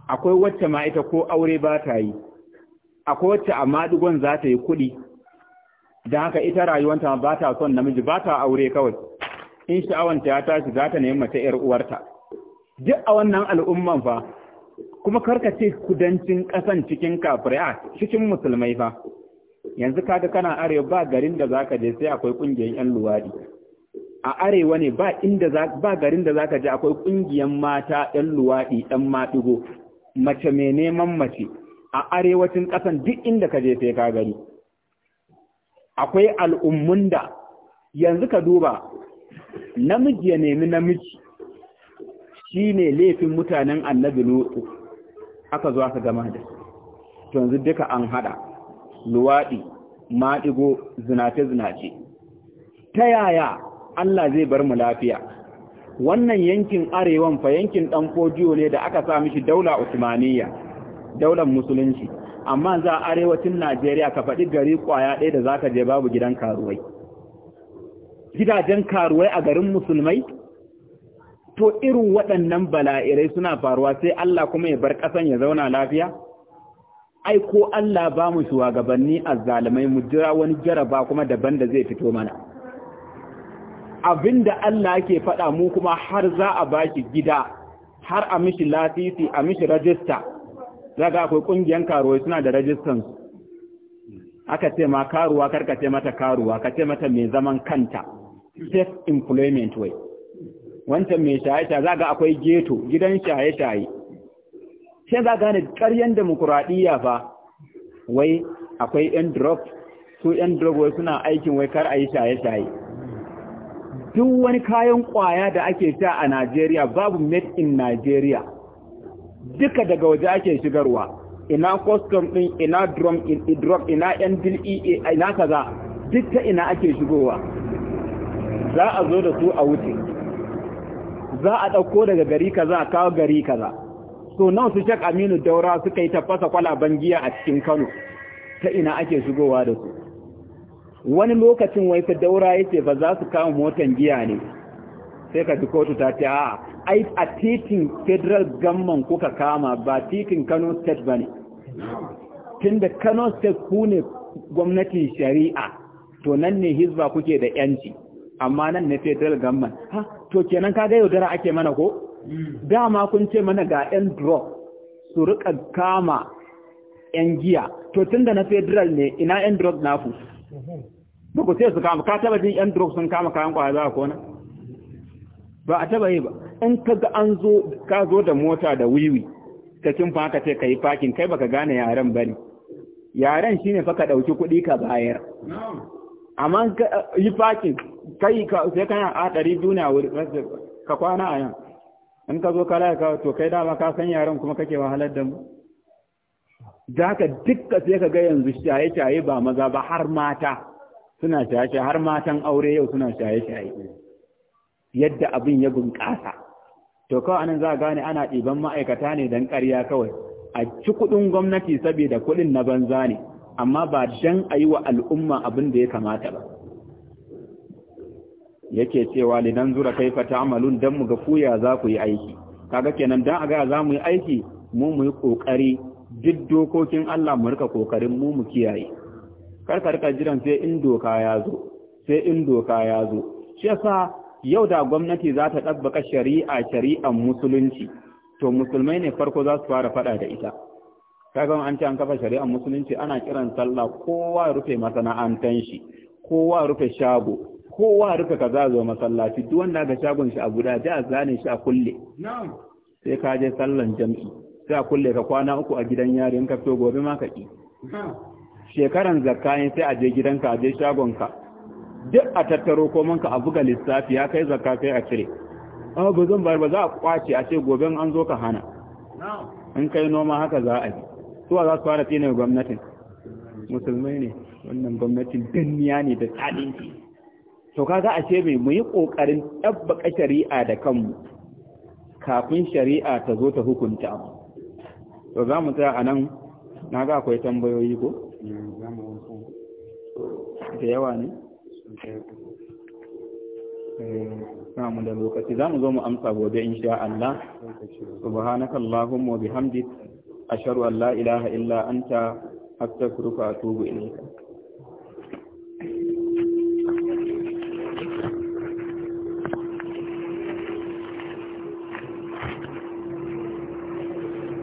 akwai wacce ma ita ko aure ba ta yi akwai wacce a madugon za ta yi kuɗi don haka ita rayuwanta ba ta son namiji ba ta aure kawai in sha'awanta ya tashi za ta nemi mace ‘yar uwarta duk a wannan al'umman fa kuma karka ce kudancin ƙasan cikin kafirai a cikin musulmai fa yanzu kaga kana arewa ba garin da za ka je sai akwai ƙungiyar ‘yan luwaɗi a arewa ne ba garin da za ka je akwai ƙungiyar mata ‘yan luwaɗi ɗan maɗigo mace mai neman mace a arewacin ƙasan duk inda ka je sai ka gani akwai al'ummun da yanzu ka duba namiji ya nemi namiji shine laifin mutanen annabi lutsu aka zo aka gama da su yanzu duka an hada luwaɗi maɗigo zinace-zinace ta yaya Allah zai bar mu lafiya wannan yankin arewan fa yankin ɗan fojiyo ne da aka sa mishi daula usmaniyya daular musulunci amma za a arewacin Najeriya ka faɗi gari kwaya ɗaya da za ka je babu gidan karuwai gidajen karuwai a garin musulmai to irin waɗannan bala'irai suna faruwa sai Allah kuma ya bar ƙasan ya zauna lafiya ai ko Allah ba mu shugabanni azzalumai mu jira wani jaraba kuma daban da zai fito mana abinda Allah yake faɗa mu kuma har za a baki gida har a mishi lasisi a mishi rajista za ka akwai ƙungiyar karuwa suna da rajistan aka ce ma karuwa karka ce mata karuwa ka ce mata mai zaman kanta self employment way wancan mai shaye-shaye za ga akwai geto gidan shaye-shaye sai za gane karyan demokuraɗiyya fa wai akwai yan drop su yan drop wai suna aikin wai kar a yi shaye-shaye duk wani kayan ƙwaya da ake sha a Najeriya babu made in Najeriya duka daga waje ake shigarwa ina custom din ina drum in drop ina yan dil'i e, ina kaza duk ta ina ake shigowa za a zo da su a wuce za a ɗauko daga gari kaza a kawo gari kaza so nan su shak aminu daura suka yi tafasa kwalaban giya a cikin kano ta ina ake shigowa da su wani lokacin wai fa daura yace ba za su kawo motan giya ne sai ka ji kotu ta ce a a titin federal gamman kuka kama ba titin kano state ba ne tun da kano state ku ne gwamnatin shari'a to nan ne hizba kuke da yanci amma nan ne federal gamman ha to kenan ka gaya yaudara ake mana ko dama kun ce mana ga yan drop su rika kama yan giya to tun da na federal ne ina yan drop na ba ku sai su kama ka taba jin yan drog sun kama kayan kwaya za a kona ba a taba yi ba in ka ga an zo ka zo da mota da wiwi ka kin fa ka ce kai fakin kai baka gane yaren bari yaren shine fa ka dauki kuɗi ka bayar amma eh, yi fakin kai sai kana a ɗari duniya wuri eh, ka kwana a nan in ka zo ka laya ka to kai dama ka san yaren kuma kake wahalar da mu da ka dukka sai ka ga yanzu shaye-shaye ba maza ba har mata suna shaye-shaye har matan aure yau suna shaye-shaye yadda abin ya bunƙasa to kawai anan za a gane ana ɗiban ma'aikata ne don ƙarya kawai a ci kuɗin gwamnati saboda kuɗin na banza ne amma ba don a yi wa al'umma abin da ya kamata ba yake cewa lidan zura kai fata amalun don mu ga kuya za ku yi aiki kaga kenan don a ga za mu yi aiki mu mu yi ƙoƙari duk dokokin Allah mu rika ƙoƙarin mu mu kiyaye karka rika jiran sai in doka ya zo sai in doka ya zo shi yasa yau da gwamnati za ta ɗabbaka shari'a shari'an musulunci to musulmai ne farko za su fara faɗa da ita kaga an ce an kafa shari'an musulunci ana kiran sallah kowa rufe masana'antan shi kowa rufe shago kowa rufe za zo masallaci duk wanda ga shagon shi a guda da zane shi a kulle sai ka je sallan jam'i sai a kulle ka kwana uku a gidan yari in ka fito gobe ma ka ki shekaran zakka sai a je gidanka a je shagonka duk a tattaro komanka a buga lissafi ya kai zakka kai a cire a ah, ba zan bayar ba za a kwace a ce gobe an zo ka hana in kai noma haka za a yi suwa za su fara tsine gwamnatin musulmai ne wannan gwamnatin duniya ne da tsadin to kaga a ce mai muyi kokarin tabbaka shari'a da kanmu kafin shari'a ta zo ta hukunta mu to za mu tsaya a nan na ga akwai tambayoyi ko eh, da yawa ne na eh, da lokaci za mu zo mu amsa gobe in sha Allah subhanaka allahumma wa bihamdik ashhadu an la ilaha illa anta astaghfiruka wa atubu ilayka